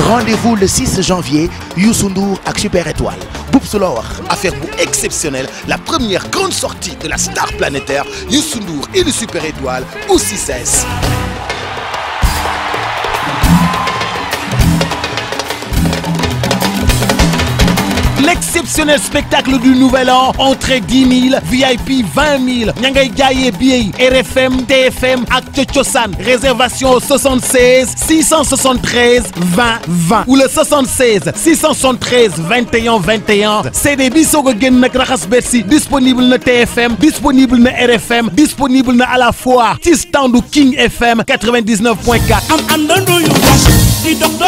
Rendez-vous le 6 janvier Youssou Ndour ak Super Étoile Boubs affaire bu exceptionnelle la première grande sortie de la star planétaire Youssou et le Super Étoile au 6 l'exceptionnel spectacle du Nouvel An entrée 10 000 VIP 20 000 ña ngay jaayee billets yi RFM TFM ak ca Cosaan réservation 76 673 20 20 ou le 76 673 21 21 CD bi soog a génn nag raxas bet si disponible na TFM disponible na RFM disponible na à la fois ci standu King FM 99.4 am am di dox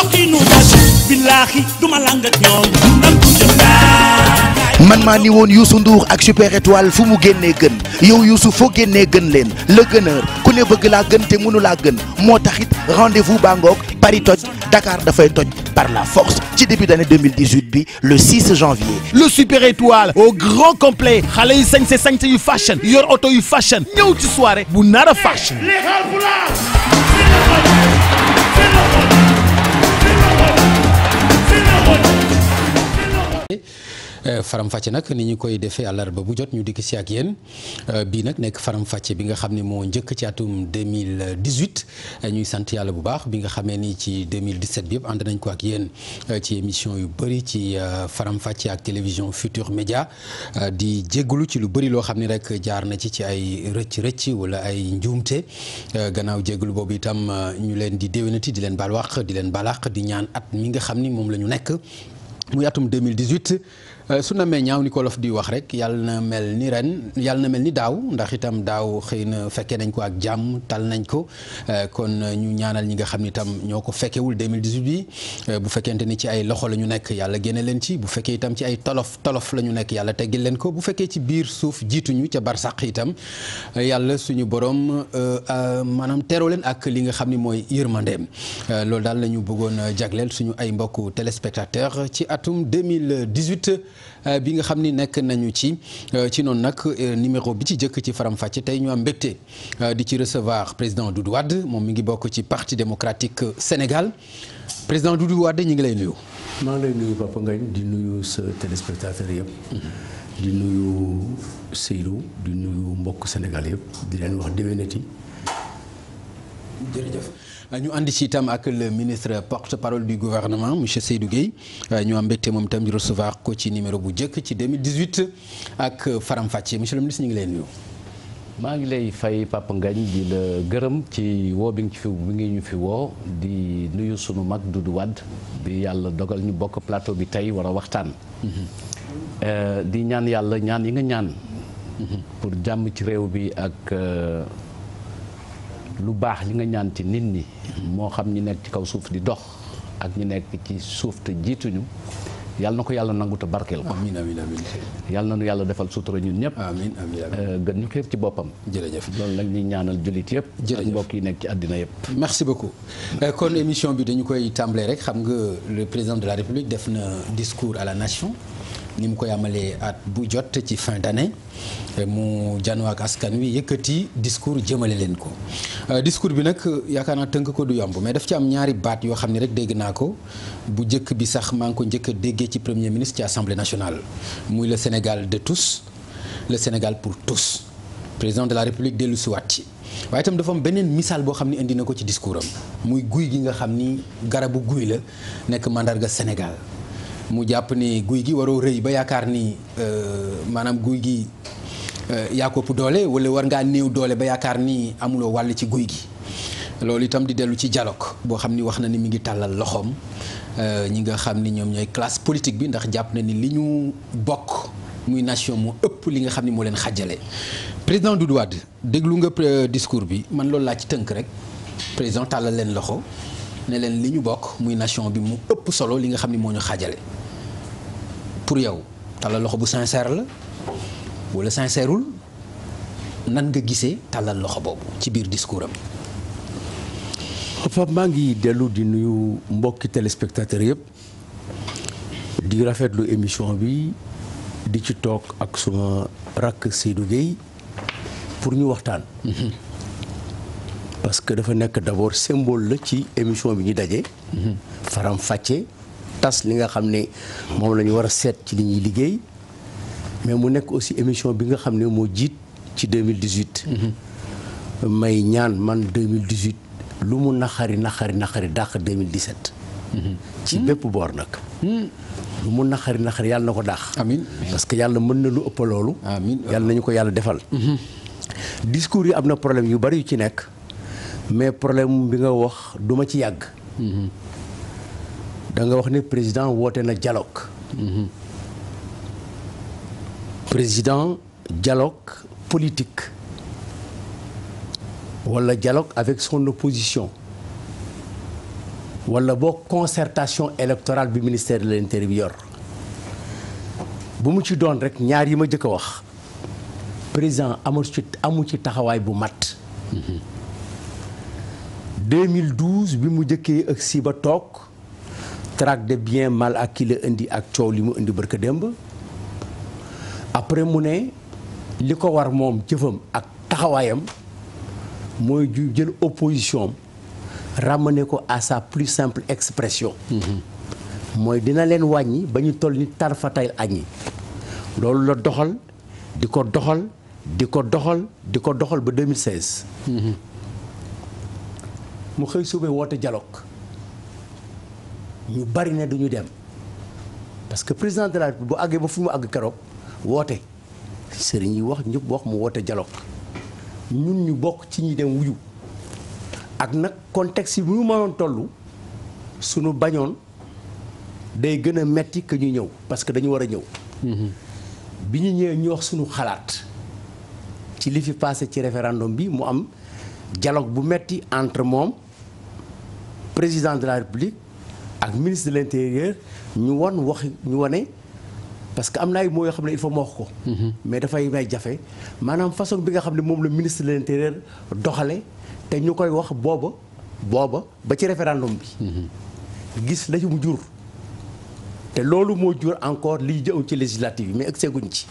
man maa ni woon Youssou nduur ak super étoile fu mu génne gën yow Youssou foo génnee gën leen le gëneur ku ne bëgg laa gën te mënu laa gën moo taxit rendez-vous Bangok Paris toj Dakar dafay toj par la force ci début d'année 2018 bi le 6 janvier. le super étoile au grand complet xale yu sañse sañse yu fashion yor oto yu fashion ñëw ci soirée bu nara a fashion. Euh, faram-fàcce nag ni ñu koy defee àllarba bu jot ñu dikk si ak yéen euh, bii nag nekk faram-fàcce bi nga xam ne moo njëkk ci atum 2018 euh, ñuy sant yàlla bu baax bi nga xamee ni ci 2017 bi yëpp ànd nañ ko ak yéen ci émission yu bëri ci faram-fàcce ak télévision Futur Média di jégalu ci lu bëri loo xam ne rek jaar na ci ci ay rëcc-rëcc wala ay njuumte gannaaw jégalu boobu itam ñu leen di déwénati di leen baal wax di leen baal di ñaan at mi nga xam ni moom la ñu nekk muy atum 2018 Euh, su namee ñaaw ni kolof di wax rek yàlla na mel ni ren yàlla na mel ni daaw ndax itam daaw xëy na fekkee nañ ko ak jàmm tal nañ ko euh, kon ñu ñaanal ñi nga xam ni tam ñoo ko fekkewul 2018 bi euh, bu fekkente ni ci ay loxo la ñu nekk yàlla génne leen ci bu fekkee itam ci ay tolof tolof la ñu nekk yàlla teggil leen ko bu fekkee ci biir suuf jiituñu ca barsàq itam yàlla suñu borom maanaam teroo leen ak li nga xam ni mooy yërmandeem loolu daal la ñu bëggoon jagleel suñu ay mbokku téléspectateurs ci atum 2018 Euh, bi nga xam ni nekk nañu ci euh, ci noonu nag euh, numéro bi ci jëkk ci faram tey ñu am mbégte di ci recevoir président du Wade moom mi ngi bokk ci parti démocratique Sénégal président du Wade ñu ngi lay nuyu. maa ngi lay nuyu Papa Ngagne di nuyu sa téléspectateur yëpp. Mm-hmm. di nuyu Seydou di nuyu mbokk Sénégal yëpp di leen wax déwénati. jërëjëf ñu ànd ci itam ak le ministre porte-parole du gouvernement monsieur Seydou Guèye ñoo am moom itam recevoir ko ci numéro bu njëkk ci 2018 ak Faram Facce monsieur le ministre ñu ngi leen nuyu. maa ngi lay fay Papa Ngagne di la gërëm ci woo bi nga fi bi ngi ñu fi woo di nuyu suñu mag Doudou wadd bi yàlla dogal ñu bokk plateau bi tey wara a waxtaan. Mm-hmm. Euh, di ñaan yàlla ñaan yi nga ñaan. Mm-hmm. pour jàmm ci réew bi ak. Euh, lu baax li nga ñaan ci nit ñi moo xam ñu nekk ci kaw suuf di dox ak ñu nekk ci suuf te jiituñu yàlla na ko yàlla nangu te barkeel ko amiin amiin amiin yàlla na nu yàlla defal sutura ñun ñëpp amiin amiin euh, gën ñu xiir ci boppam jërëjëf loolu nag ñuy ñaanal jullit yëpp jërëjëf ak mbokk yi nekk ci àddina yëpp merci beaucoup euh, kon émission bi dañu koy tàmbalee rek xam nga le président de la république def na discours à la nation ni mu koy amalee at bu jot ci fin d'année mu janoo ak askan wi yëkkati discours jëmale leen ko euh, discours bi nag yaakaar naa tënk ko du yomb mais daf ci am ñaari baat yoo xam ne rek dégg naa ko bu njëkk bi sax maa ngi ko njëkk déggee ci premier ministre ci assemblée nationale muy le Sénégal de tous le Sénégal pour tous président de la république dellu siwaat ci waaye itam dafa am beneen misaal boo xam ne indi na ko ci discours muy guy gi nga xam ni garabu guy la nekk mandarga Sénégal mu jàpp ni guy gi waroo rëy ba yaakaar ni euh, maanaam guy gi euh, yaa ko doole wala war ngaa néew doole ba yaakaar ni amuloo wàll ci guy gi loolu itam di dellu ci dialogue boo xam ni wax na ni mi ngi tàllal loxoom euh, ñi nga xam ni ñoom ñooy classe politique bi ndax jàpp na ni li ñu bokk muy nation moo ëpp li nga xam ni moo leen xàjjale. président Doudou Wade déglu nga discours bi man loolu laa ci tënk rek président tàllal leen loxo ne leen li ñu bokk muy nation bi mu ëpp solo li nga xam ni moo ñu xàjjale. pour yow tàllal loxo bu sincère la wala sincèreul nan nga gisee tàllal loxo boobu ci biir discours am. Pape maa ngi dellu di nuyu mbokki téléspectateurs yëpp di rafetlu émission bi di ci toog ak suma rakk Seydou géey pour ñu waxtaan. Mhm. parce que dafa nekk d'abord symbole la ci émission bi ñu daje. Mhm. faram fàcce. tas li nga xam ne moom la ñu war a seet ci li ñuy liggéey mais mu nekk aussi émission bi nga xam ne moo jiit ci 2018. Mm-hmm. may ñaan man 2018 lu mu naxari naxari naxari dàq 2017. Mm-hmm. ci mm-hmm. bépp boor nag. lu mu naxari naxari yàlla na ko dàq. amiin parce que yàlla mën na lu ëpp loolu. amiin yàlla nañu ko yàlla defal. discours yi am na problème yu bari yu ci nekk mais problème bi nga wax duma ci yàgg. da nga wax ni président woote na dialogue. Mhm. président dialogue politik wala dialogue avec son opposition wala boo concertation électorale bi ministère de l'intérieur bu mu ci doon rek ñaar yi ma jëkk a wax président amul ci amu ci taxawaay bu mat. 2012 mhm. bi mu jëkkee ak si ba toog. traque de bien mal ak ki la indi ak coow li mu indi barka démb après mu ne li ko war moom jëfam ak taxawaayam mooy ju jël opposition ne ko à sa plus simple expression mm-hmm. mooy dina leen wàññi ba ñu toll ni fa tarfatay yi loolu la doxal di ko doxal di ko doxal di ko doxal ba 2016 mm-hmm. mu xëy suba woote jalook ñu bari ne duñu dem parce que président de la République bu àggee ba fu mu àgg keroog woote sëriñ yi wax ñëpp wax mu woote dialogue ñun ñu bokk ci ñi dem wuyu ak nag contexte yi bu ñu mënoon toll suñu bañoon day gën a metti que ñu ñëw parce que dañu war a ñëw bi ñu ñëwee ñu wax suñu xalaat ci li fi passé ci référendum bi mu am dialogue bu metti entre moom président de la République ak ministre de l'intérieur ñu wan wax ñu wane parce que am na ay mots yoo xam ne il faut ma wax ko. Mhm. mais dafay may jafe maanaam façon bi nga xam ne moom la ministre de l'intérieur doxale te ñu koy wax booba booba ba ci référendum bi. Mhm. gis la mu jur. te loolu moo jur encore li jëw ci législative yi mais ak seguñ ci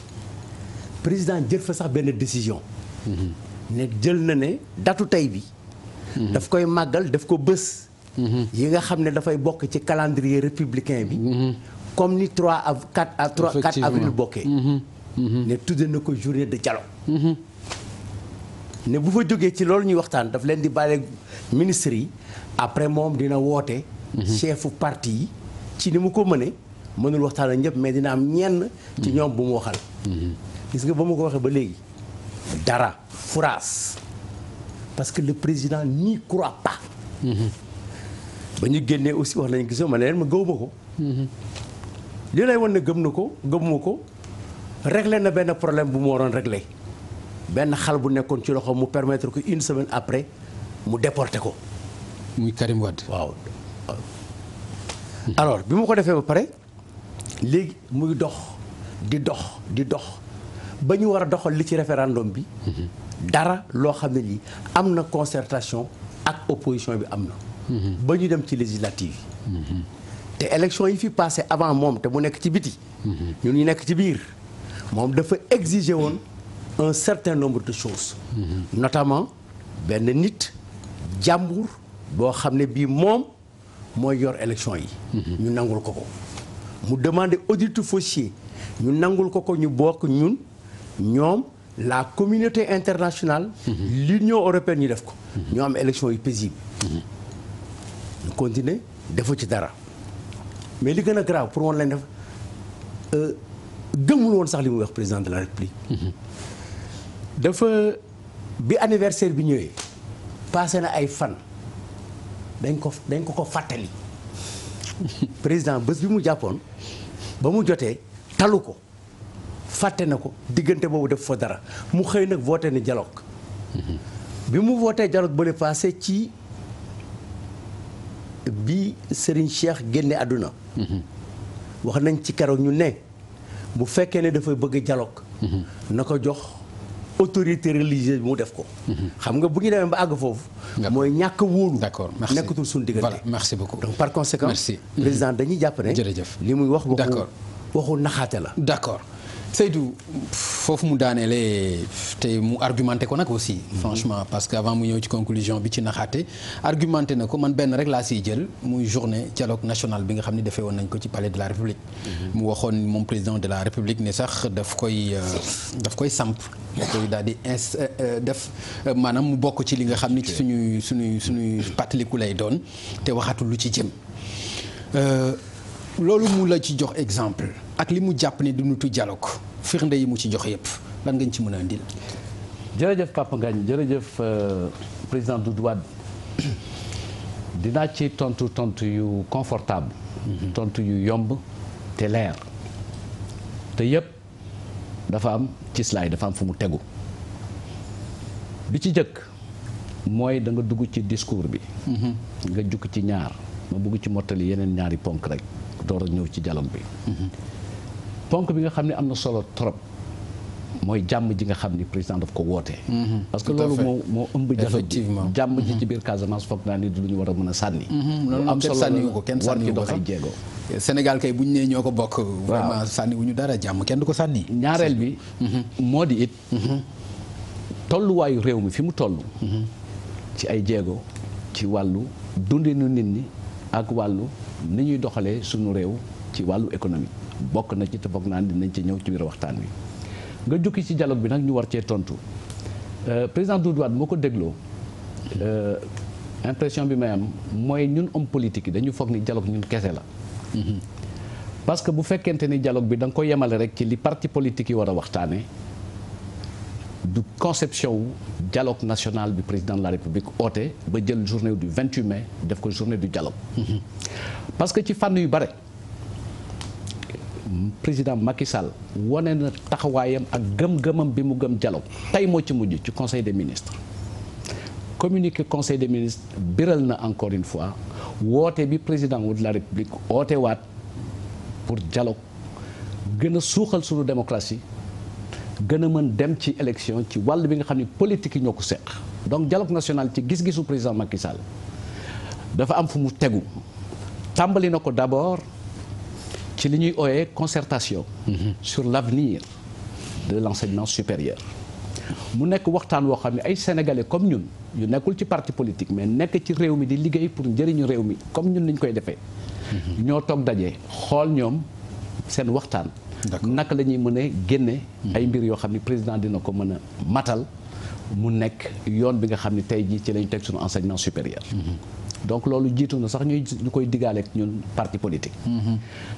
président jël fa sax benn décision. Mhm. ne jël na ne datu tey bi. daf koy màggal daf ko bës. yi nga xam ne dafay bokk ci calendrier républicain bi comme ni trois 3 av 4 à 3 4 avril bokkee mm-hmm. Mm-hmm. ne tudde na ko journée de dialogue mm-hmm. ne bu fa jógee ci loolu ñuy waxtaan daf leen di bàyyi ministre yi après moom dina woote chefu parti yi ci ni mu ko mënee mënul waxtaan ak ñëpp mais dina am ñenn ci ñoom bu mu waxal gis nga ba ma ko waxee ba léegi dara phrase parce que le président ni croit pas ba ñu génnee aussi wax nañu gis ma ne leen ma gëwuma ko. li lay wan ne gëm na ko gëmuma ko réglé na benn problème bu mu waroon réglé benn xal bu nekkoon ci loxo mu permettre ko une semaine après mu déporté ko. muy Karim Wade waaw. bi mu ko defee ba pare léegi muy dox di dox di dox ba ñu war a doxal li ci référendum bi. Mhm. dara loo xam ne lii am na concertation ak opposition bi am na. ba ñu dem ci législative yi te élection yi fi passé avant moom te mu nekk ci biti ñun ñu nekk ci biir moom dafa exiger woon un certain nombre de choses notamment benn nit jàmbur boo xam ne bii moom mooy yor élection yi ñu nangul ko ko mu demandé audit foncier ñu nangul ko ko ñu bokk ñun ñoom la communauté internationale mmh. l'union européenne ñu def ko ñoo am élection yu paisible ñu continuer defu ci dara mais li gën a grave pour woon leen def euh, gëmul woon sax li muy wax président de la république. Mm-hmm. dafa bi anniversaire bi ñëwee passé na ay fan dañ ko dañ ko ko fàttali président bés bi mu jàppoon ba mu jotee talu ko fàtte na ko diggante boobu def fa dara mu xëy nag voté ne dialogue mm-hmm. bi mu voté dialogue bële passé ci bi Serigne Cheikh génne àdduna wax nañ ci keroog ñu ne bu fekkee ne dafay bëgg dialogue na ko jox autorité religieuse bi mu def ko xam nga bu ñu demee ba àgg foofu mooy ñàkk wóolu nekkatul suñu diggante voilà merci beaucoup donc par conséquent président dañuy jàpp ne li muy wax waxu waxu naxaate la d'accord Seydou foofu mu daaneele te mu argumenté ko nag aussi. Mhm. franchement parce que avant mu ñëw ci conclusion bi ci naxaate argumenté na ko man benn rek laa si jël muy journée dialogue national bi nga xam ne defee woon nañ ko ci palais de la république. Mhm. mu waxoon moom président de la république ne sax daf koy euh, daf koy samp. da daal di ins euh, euh, def maanaam mu bokk ci li nga xam ne ci suñuy suñuy suñuy pàttaliku lay doon te waxatul lu ci jëm loolu mu la ci jox exemple. ak li mu jàpp ne du nutu dialogue firnde yi mu ci jox yëpp lan ngañ ci mën a indil. jërëjëf Papa Ngagne jërëjëf euh, président Doudou Wade dinaa ci tontu tontu yu confortable mhm. tontu yu yomb te leer te yëpp dafa am ci slide dafa am fu mu tegu bi ci jëkk mooy da nga dugg ci discours bi mhm. nga jukk ci ñaar ma bugg ci mottali yeneen ñaari ponk rek door a ñëw ci dialogue bi mhm. ponk bi nga xam ne am na solo trop mooy jàmm ji nga xam ni président daf ko woote. Mhm. parce que loolu moo moo ëmb jalo ji jàmm ji mhm. ci biir Casamance foog naa ni lu ñu war a mën a sànni. Mhm. loolu am solo sànniwu ko kenn sànniwu ko sax jéego. Sénégal kay bu ñu nee ñoo ko bokk. vraiment sànniwuñu dara jàmm kenn du ko sànni. ñaareel bi. moo di it. réew mi fi mu toll. ci ay jéego ci wàllu dundinu nit ñi ak wàllu ni ñuy doxalee suñu réew ci wàllu économique. bokk na ci te foog naa nañ ci ñëw ci biir waxtaan wi. nga jukki ci dialogue bi nag ñu war cee tontu euh, président Doudou Wade moo ko dégloo euh, impression bi may am mooy ñun homme politique yi dañu foog ni dialogue ñun kese la. Mm-hmm. parce que bu fekkente ni dialogue bi da nga ko yemale rek ci li parti politique yi war a waxtaanee du conception wu dialogue national bi président de la république oote ba jël journée du 28 mai def ko journée du dialogue. Mm-hmm. parce ci fànn yu président Macky Sall wane na taxawaayam ak gëm-gëmam bi mu gëm dialogue tey moo ci mujj ci conseil des ministres communiqué conseil des ministres biral na encore une fois woote bi président wu de la république woote waat pour dialogue gën a suuxal sunu démocratie gën a mën dem ci élection ci wàll bi nga xam ne politique yi ñoo ko seq donc dialogue national ci gis-gisu président makisal dafa am fu mu tegu tàmbali na ko d'abord ci li ñuy ooyee concertation mhm. sur l'avenir de l'enseignement supérieur mu nekk waxtaan woo xam ne ay sénégalais comme ñun yu nekkul ci parti politique mais nekk ci réew mi di liggéey pour njëriñu réew mi comme ñun niñ koy defee mhm. ñoo toog daje xool ñoom seen waxtaan naka la ñuy mën a génne mhm. ay mbir yoo xam ne président dina ko mën a matal mu nekk yoon bi nga xam ni tey jii ci lañu teg suñu enseignement supérieur donc loolu jiitu na sax ñuy ñu koy digaaleeg ñun parti politique. Mm-hmm.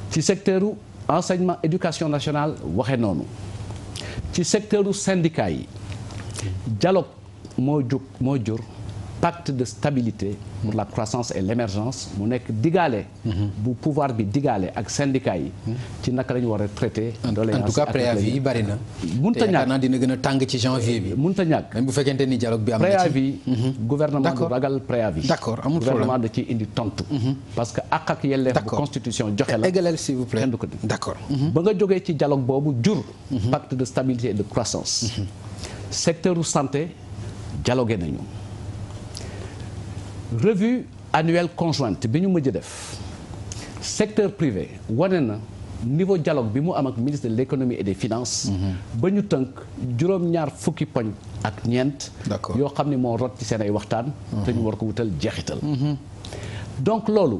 ci secteur u enseignement éducation nationale waxe noonu. ci secteur u syndicat yi dialogue moo jug moo jur. pacte de stabilité pour la croissance et l'émergence mu nekk digaale mhm. bu pouvoir bi digaale ak syndicat yi mhm. ci naka la ñu war a traité doléance en tout bari na munta ñàkk dina gën a tàng ci janvier bi eh, munta ñàkk même bu fekkente ni dialogue bi am na ci préavis mhm. gouvernement du ragal préavis d'accord amul problème gouvernement da ciy indi tontu parce que ak ak yelleef bu constitution joxe la e, égalal s'il vous plaît kenn du ko d'accord ba nga jógee ci dialogue boobu jur pacte de stabilité et de croissance secteur santé dialogué nañu revue annuelle conjointe bi ñu mujj def secteur privé wane na niveau dialogue bi mu am ak ministre de l'économie et des finances. Mhm. ba ñu tënk juróom-ñaar fukki poñ ak ñeent. yoo xam ne moo rot ci seen ay waxtaan. Mhm. te ñu war ko wutal jeexital. Mhm. donc loolu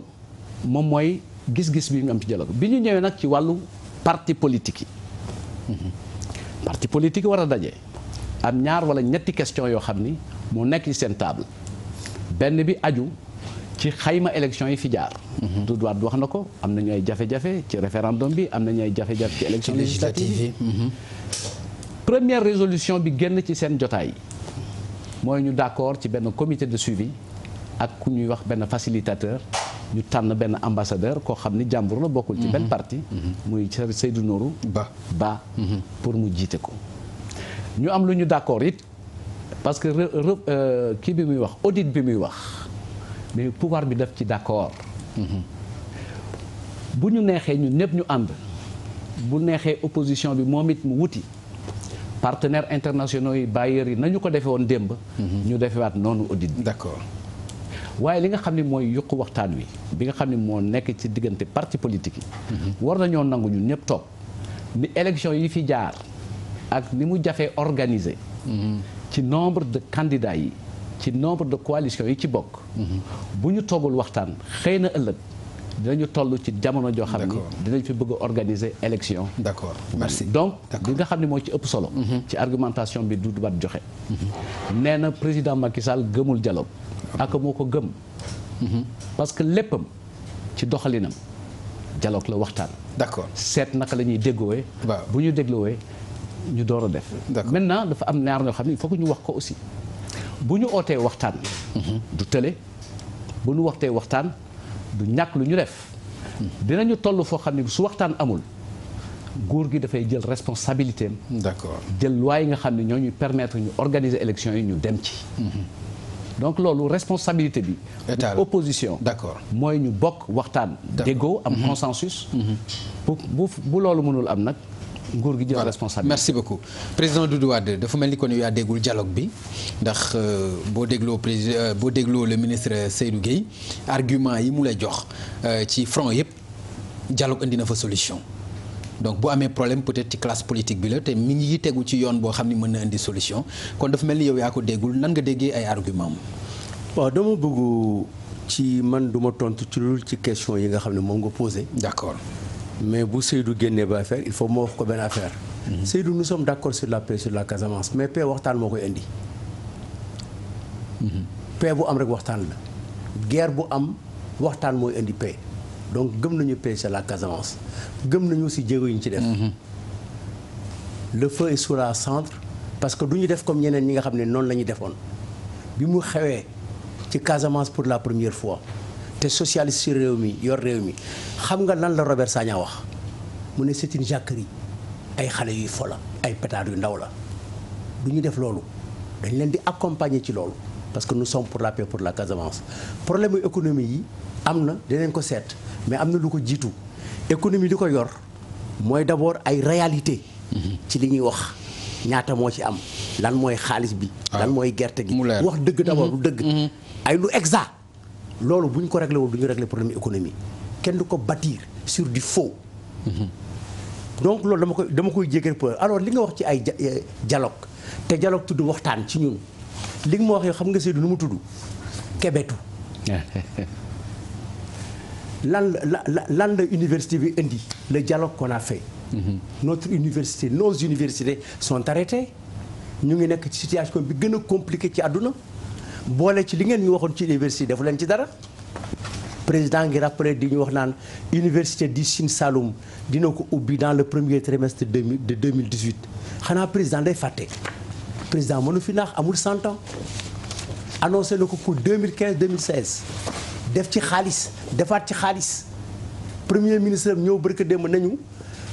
moom mooy gis-gis bi ñu am ci dialogue bi ñu ñëwee nag ci wàllu parti politique yi. parti politique war a daje. am ñaar wala ñetti question yoo xam ni moo nekk ci seen table. benn bi aju ci xayma élection yi fi jaar. Mhm. Doudou wax na ko am nañu ay jafe-jafe ci référendum bi am nañu ay jafe-jafe ci élection législative yi. Mhm. première résolution bi génn ci seen jotaay mooy ñu d'accord ci benn commité de suivi ak ku ñuy wax benn facilitateur. ñu tànn benn ambassadeur koo xam ni jàmbur la bokkul ci benn mhm. parti muy Seydou Nourou Ba Ba pour mu jiite ko ñu am lu ñu d'accord it parce que euh, kii bi muy wax audit bi muy wax mais pouvoir bi def ci d'accord mhm. bu ñu neexee ñu ñëpp ñu ànd bu neexee opposition bi moom it mu wuti partenaires internationaux yi bailleurs yi nañu ko defee woon démb mhm. ñu defewaat noonu audit bi d'accord waaye li nga xam ne mooy yokku waxtaan wi bi nga xam ne moo nekk ci diggante parti politique yi mhm. war nañoo nangu ñu ñëpp toog ni élection yi fi jaar ak ni mu jafee organiser ci nombre de candidats yi ci nombre de coalitions yi ci bokk. Mm-hmm. bu ñu toogul waxtaan xëy na ëllëg. dinañu toll ci jamono joo xam ni dinañ fi bëgg a organiser élection. d'accord merci donc li nga xam ne moo ci ëpp solo. Mm-hmm. ci argumentation bi Doudou Wade joxe. Mm-hmm. nee na président Macky Sall gëmul dialogue. ak moo ko gëm. parce que léppam ci doxalinam jaloog la waxtaan. d'accord seet naka la ñuy déggoowee. bu ñu dégloowee. ñu door a def. maintenant dafa am naar ñoo xam ne il ñu wax ko aussi bu ñu ootee waxtaan. du tële bu ñu waxtee waxtaan du ñàkk lu ñu def. ñu toll foo xam ne su waxtaan amul. góor gi dafay jël responsabilité am. jël loi yi nga xam ne ñoo ñu permettre ñu organiser élection yi ñu dem ci. donc loolu responsabilité bi. état opposition. d'accord mooy ñu bokk waxtaan. déggoo am mhm. consensus. bu bu loolu mënul am nag. nguur gi jël responsabilité merci beaucoup président Doudou Wade dafa mel ni kon yaa déggul dialogue bi ndax euh, boo dégloo président euh, boo dégloo le ministre Seydou Guèye argument yi mu lay jox euh, ci front yëpp dialogue indi na fa solution donc boo amee problème peut-être ci classe politique bi la te mi ngi tegu ci yoon boo xam ni mën na indi solution kon dafa mel ni yow yaa ko déggul nan nga déggee ay argument am. waaw dama bëgg ci man duma tontu ci loolu ci question yi nga xam ne moom nga posé. d'accord. mais bu Seydou génnee ba affaire il faut moo wax ko benn affaire. Mhm. Seydou nous sommes d' accord sur la paix sur la Casamance mais paix waxtaan moo koy indi. Mhm. paix bu am rek waxtaan la. guerre bu am waxtaan mooy indi paix donc gëm nañu paix sur la Casamance gëm nañu aussi jéego yi ci def. Mhm. le feu est sur la centre parce que du ñu def comme ñeneen ñi nga xam ne noonu la ñuy defoon bi mu xewee ci Casamance pour la première fois. te socialiste si réew mi yor réew mi xam nga lan la Robert Sagna wax mu ne c'est une jacquerie ay xale yuy fola ay pétard yu ndaw la du ñu def loolu dañ leen di accompagner ci loolu parce que nu sommes pour la paix pour la Casamance problème yu économie yi am na dinañ ko seet mais am na lu ko jiitu économie li ko yor mooy d'abord ay réalité ci li ñuy wax ñaata moo ci am lan mooy xaalis bi ah. lan mooy gerte gi wax dëgg d'abord lu mm-hmm. dëgg mm-hmm. ay lu exact loolu bu ñu ko réglé wul du ñu réglé problème économie kenn du ko bâtir sur du faux. Mhm. donc loolu dama koy dama koy jégal pour alors li nga wax ci ay euh, dialogue te dialogue tudd waxtaan ci ñun li nga ma wax yow xam nga Seydou nu mu tudd kebetu lan la lan la université bi indi la dialogue qu'on a fait mhm. notre université nos universités son arrêtées ñu ngi nekk ci situation bi gën a compliqué ci àdduna boole ci li ngeen ñu waxoon ci université defu leen ci dara président ngi rappelé di ñu wax naan université di Sine Saloum dina ko ubbi dans le premier trimestre de de 2018 xanaa président day fàtte président mënu fi naax amul 100 ans annoncé na ko pour 2015 2016 def ci xaalis defaat ci xaalis premier ministre ñëw barka démb nañu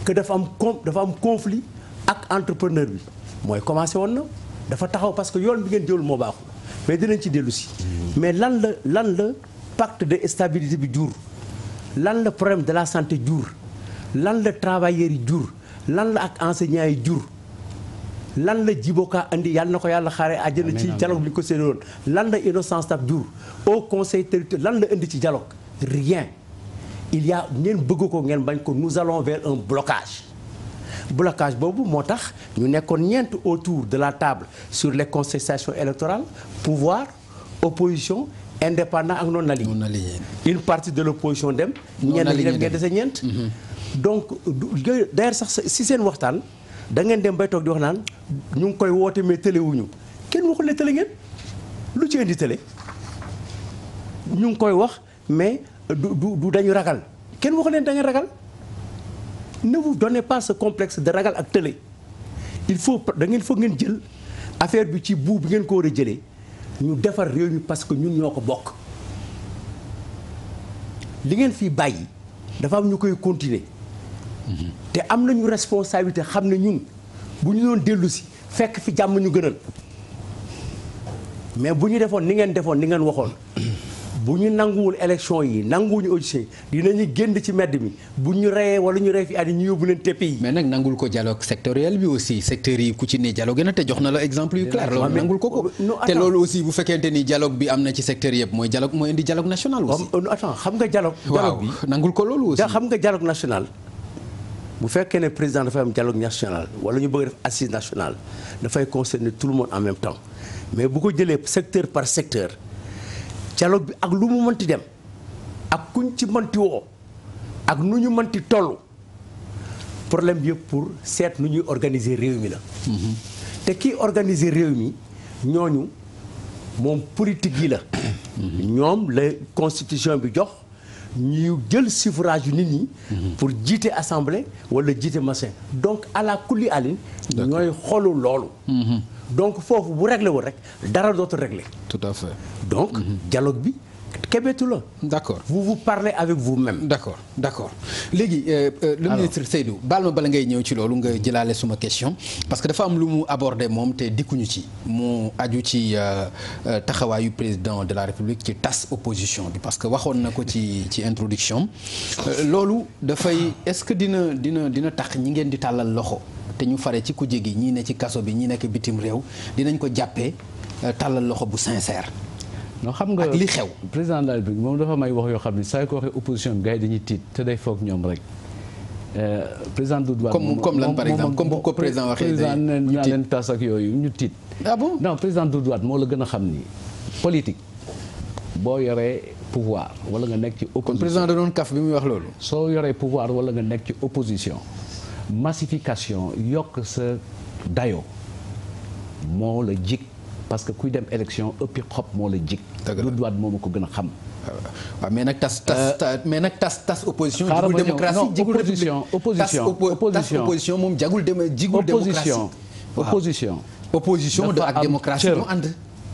que dafa am com dafa am conflit ak entrepreneur bi mooy commencé woon na dafa taxaw parce que yoon bi ngeen jël moo baaxul. mais dinañ ci dellusi mais lan la lan la pacte de stabilité bi jur. lan la problème de la santé jur lan la travailleurs yi jur lan la ak enseignants yi jur lan la jiboo a indi yàlla na ko yàlla xaaree àjjana ci dialogue bi ko séenee woon lan la innocence tab jur au conseil territorial lan la indi ci dialogue rien il y a ngeen bëgg ko ngeen bañ ko nous allons vers un blocage blocage boobu moo tax ñu nekkoon ñeent autour de la table sur les contestations électorales pouvoir opposition indépendant ak na non aligné une partie de l'opposition dem ñenn ñi dem ngeen dese ñeent mhm. donc d'ailleurs sax si seen waxtaan da ngeen dem bay toog di wax naan ñu ngi koy woote mais télé wuñu kenn waxu ne télé ngeen lu ci di télé ñu ngi koy wax mais du du dañu ragal kenn waxul leen da ragal ne vous donnez pas ce complexe de ragal ak tële il faut da ngeen foog ngeen jël affaire bi ci buu bi ngeen ko war a jëlee ñu defar réew mi parce que ñun ñoo ko bokk li ngeen fii bàyyi dafa am ñu koy continuer te am nañu responsabilité xam ne ñun bu ñu doon dellu si fekk fi jàmm ñu gënal mais bu ñu defoon ni ngeen defoon ni ngeen waxoon bu ñu nanguwul élection yi nanguwuñu audition dinañu génn ci medd mi bu ñu reyee wala ñu rey fi ànd ñu yóbbu leen tepp yi. mais nag nangul ko dialogue sectoriel bi aussi secteur yi ku ci ne dialogue na te jox na la exemple yu clair loolu nangul ko loolu aussi bu fekkente ni dialogue bi am na ci secteur yëpp mooy dialogue mooy indi dialogue national aussi. Oh, attends xam nga dialogue. dialogue bi nangul ko loolu aussi. xam nga dialogue national. bu fekkee ne président dafay am dialogue national wala ñu bëgg def assise nationale dafay concerner tout le monde en même temps mais bu ko jëlee secteur par secteur. dialogue bi ak lu mu mënti dem ak kuñ ci mënti woo ak nu ñu mënti toll problème bi yëpp pour seet nu ñuy organiser réew mi la. Mm-hmm. te kii organiser réew mi ñooñu moom politique yi la. Mm-hmm. ñoom la constitution bi jox ñu jël suffrage yu nit ñi. Mm-hmm. pour jiite assemblée wala jiite machin donc à la alin. ñooy xoolu loolu. donc foofu bu réglé wul rek dara dootu réglé. tout à fait. donc mm-hmm. dialogue bi. kébetu la. d' accord vous vous parlez avec vous-même. d' accord d' accord léegi. Euh, euh, le ministre Seydou baal ma bala ngay ñëw ci loolu nga jëlaale suma question. parce que dafa am lu mu abordé moom te dikkuñu ci. mu aju ci euh, euh, taxawaayu président de la république ci tas opposition bi parce que waxoon na ko ci ci introduction euh, loolu dafay est ce que dina dina dina tax ñi ngeen di tàllal loxo. te ñu fare ci kuje gi ñii ne ci kaso bi ñi nekk bitim réew dinañ ko jàppee euh, tàllal loxo bu sincère. non xam nga li xew. président de la moom dafa may wax yoo xam ne saa ko waxee opposition bi gars yi te day foog ñoom rek. Euh, président Doudou comme comme par exemple comme bu ko président waxee day ñu tiit leen yooyu ñu tiit. ah bon non président Doudou Wade moo la gën a xam ni politique boo yoree. pouvoir wala nga nekk ci opposition kon président da kaf bi muy wax loolu. soo yoree pouvoir wala nga nekk ci opposition. massification yokk sa dayoo moo la jik parce que kuy dem élection ëppi xob moo la jik lu duwaat moom ko gën a xam waaw mais nag tas euh, tas mais nag tas tas opposition. jigul démocratie jigul opposition opposition opposition moom jagul dem jigul démocratie opposition opposition. opposition de ak démocratie mu ànd.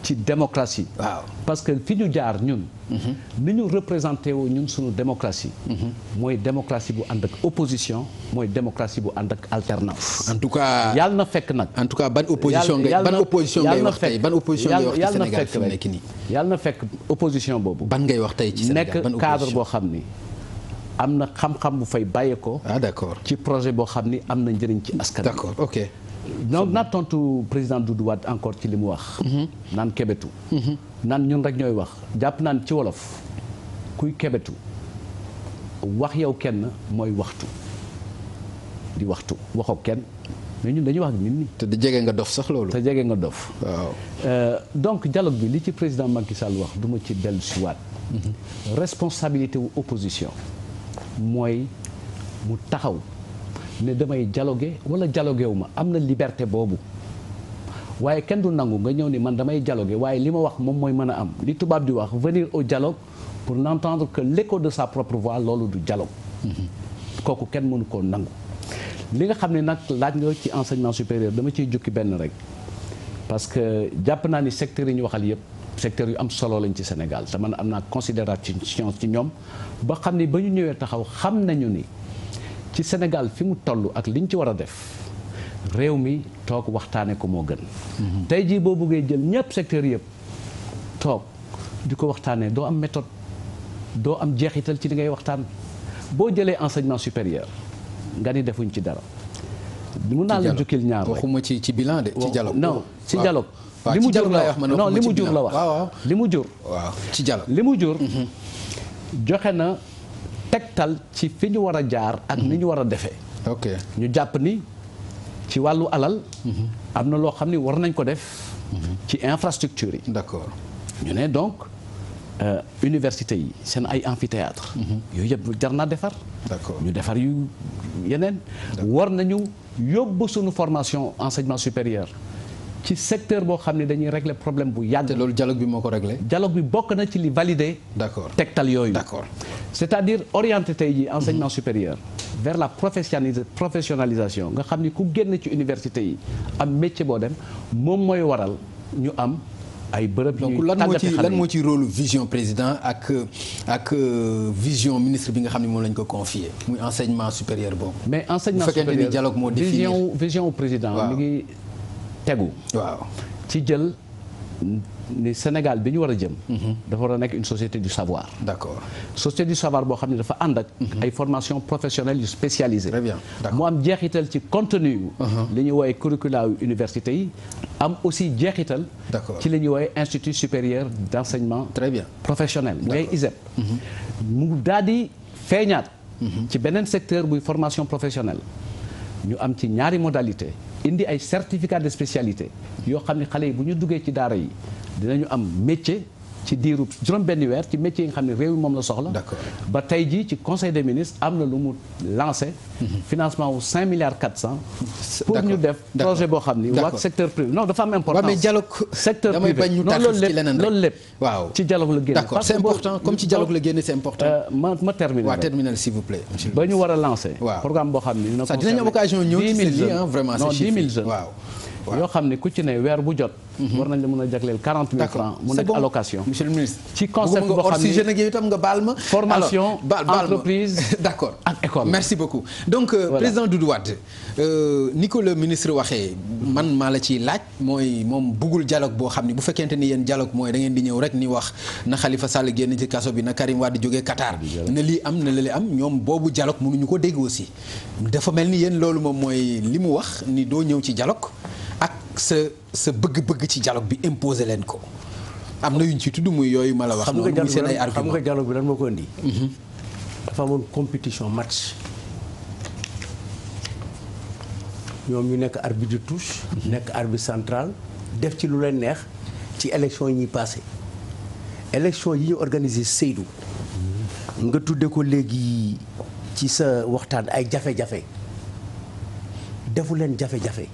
ci démocratie. waaw parce que fi ñu jaar ñun. Mhm. ni ñu représenté woo ñun suñu démocratie. Mhm. mooy démocratie bu ànd ak opposition mooy démocratie bu ànd ak alternance. en tout cas yàlla na fekk nag. en tout cas ban opposition ngay ban opposition ngay wax tey opposition ngay wax ci Sénégal na fekk opposition boobu. ban ngay wax tey ci Sénégal nekk cadre boo xam ni. am na xam-xam bu fay bàyyee ko. ah d'accord ci projet boo xam ni am na njëriñ ci askan d'accord non naa tontu président Doudou encore ci li mu wax. naan kebetu. naan ñun rek ñooy wax jàpp naan ci wolof kuy kebetu wax yow kenn mooy waxtu di waxtu waxoo kenn mais ñun dañuy wax ak nit ñi. te di jege nga dof sax loolu. te jege nga dof. waaw euh, donc dialogue bi li ci président Macky Sall wax duma ci dellu si waat. Mhm. responsabilité wu opposition mooy mu taxaw. ne damay jaloge wala jalogewuma am na liberté boobu waaye kenn du nangu nga ñëw ni man damay jaloge waaye li ma wax moom mooy mën a am li tubaab di wax venir au dialogue pour n'entendre que l'écho de sa propre voix loolu du dialogue kooku kenn mënu koo nangu li nga xam ne nag laaj nga ci enseignement supérieur dama ciy jukki benn rek parce que jàpp naa ni secteurs yi ñu waxal yëpp secteurs yu am solo lañ ci Sénégal te man am naa considération ci ñoom ba xam ni ba ñu ñëwee taxaw xam nañu ni ci Sénégal fi mu toll ak liñ ci war a def réew mi toog waxtaane ko moo gën mhm. tey jii boo bëggee jël ñëpp secteurs yëpp toog di ko waxtaanee doo am méthode doo am jeexital ci li ngay waxtaan boo jëlee enseignement supérieur nga ni defuñ ci dara mun naa la jukkil ñaar waxuma ci ci bilan de ci dialogue ci dialogue li mu jur la wax non li mu jur la wax li mu jur waaw ci li mu jur joxe na tegtal ci fi ñu war a jaar ak ni ñu war a defee ok ñu jàpp ni ci wàllu alal mhm. am na loo xam ni war nañ ko def mhm. ci infrastructure yi d'accord ñu ne donc euh, université yi seen ay amphithéâtre mhm. yooyu yëpp jar naa defar d'accord ñu defar yu yeneen war nañu yóbbu sunu formation enseignement supérieur ci secteur boo xam ne dañuy régler problème bu yàgg. te loolu dialogue bi moo ko réglé. dialogue bi bokk na ci li validé. d'accord tegtal yooyu. d'accord c'est-à-dire orienté tey jii enseignement supérieur. vers la professionnalisation nga xam ni ku génn ci université yi am métier boo dem moom mooy waral ñu am. ay bërëb donc lan moo ci lan moo ci rôle vision président ak ak euh, vision ministre bi nga xam ne moom lañ ko confier muy enseignement supérieur boobu. mais enseignement supérieur bu fekkee ni dialogue moo définir vision vision président mi ngi. tegu. waaw ci jël ni Sénégal bi ñu war a jëm. Mhm. dafa war a nekk une société du savoir. d'accord société du savoir boo xam ne dafa ànd ak. Mhm. ay formation professionnelle yu spécialisée. très bien mu am jeexital ci contenu. Mhm. li ñuy woowee curricula université yi am aussi jeexital. ci li ñuy woowee institut supérieur d'enseignement. très bien professionnel ngay ISEP. mu daal di feeñaat. ci beneen secteur buy formation professionnelle ñu am ci ñaari modalité indi ay certificat de spécialité yoo xam ne xale yi bu ñu duggee ci daara yi dinañu am métier ci diiru juróom benn weer ci métier yi nga xam ne réew mi moom la soxla. ba tey ji ci conseil des ministres am na lu mu lancé. Mhm. financement wu 5 milliards 400. pour ñu def projet boo xam ni. waa secteur privé non dafa am importance. mais dialogue secteur privé damay bañ ñu tàggat ci leneen loolu lépp waaw ci dialogue la génn. d'accord c'est important comme ci dialogue la génn c'est important. Euh, ma ma terminer waaw terminer s'il vous plaît. ba ñu war a lancé. programme boo xam ni. dinañ am occasion yoo xam ne ku ci ne weer bu jot. Mhm. war nañ la mën a jagleel quarante mille francs mu nekk allocation. monsieur le ministre ci concept boo xam ne nga baal ma. formation entreprise d'accord ak école. merci beaucoup donc euh, président Doudou Wade euh, ni ko le ministre waxee man maa la ciy laaj mooy moom buggul dialogue boo xam ne bu fekkente ni yéen dialogue mooy da ngeen di ñëw rek ni wax na Khalifa Sall génn ci kaso bi na Karim Wade jógee Qatar. na lii am na lële ñoom boobu dialogue mënuñu ko dégg aussi dafa mel ni yéen loolu moom mooy li mu wax ni doo ñëw ci dialogue sa sa bëgg-bëgg ci dialogue bi imposé leen ko am na yuñ ci tudd muy yooyu ma la wax. noonu muy seen ay argument xam nga dialogue bi lan moo ko indi. Mhm. dafa amoon compétition match. ñoom ñu nekk arbitre de touche. Mhm. nekk arbitre central. def ci lu leen neex ci élection yi ñuy passé élection yi ñu organisé Seydou. Mhm. nga tuddee ko léegi ci sa waxtaan ay jafe-jafe. defu leen jafe-jafe.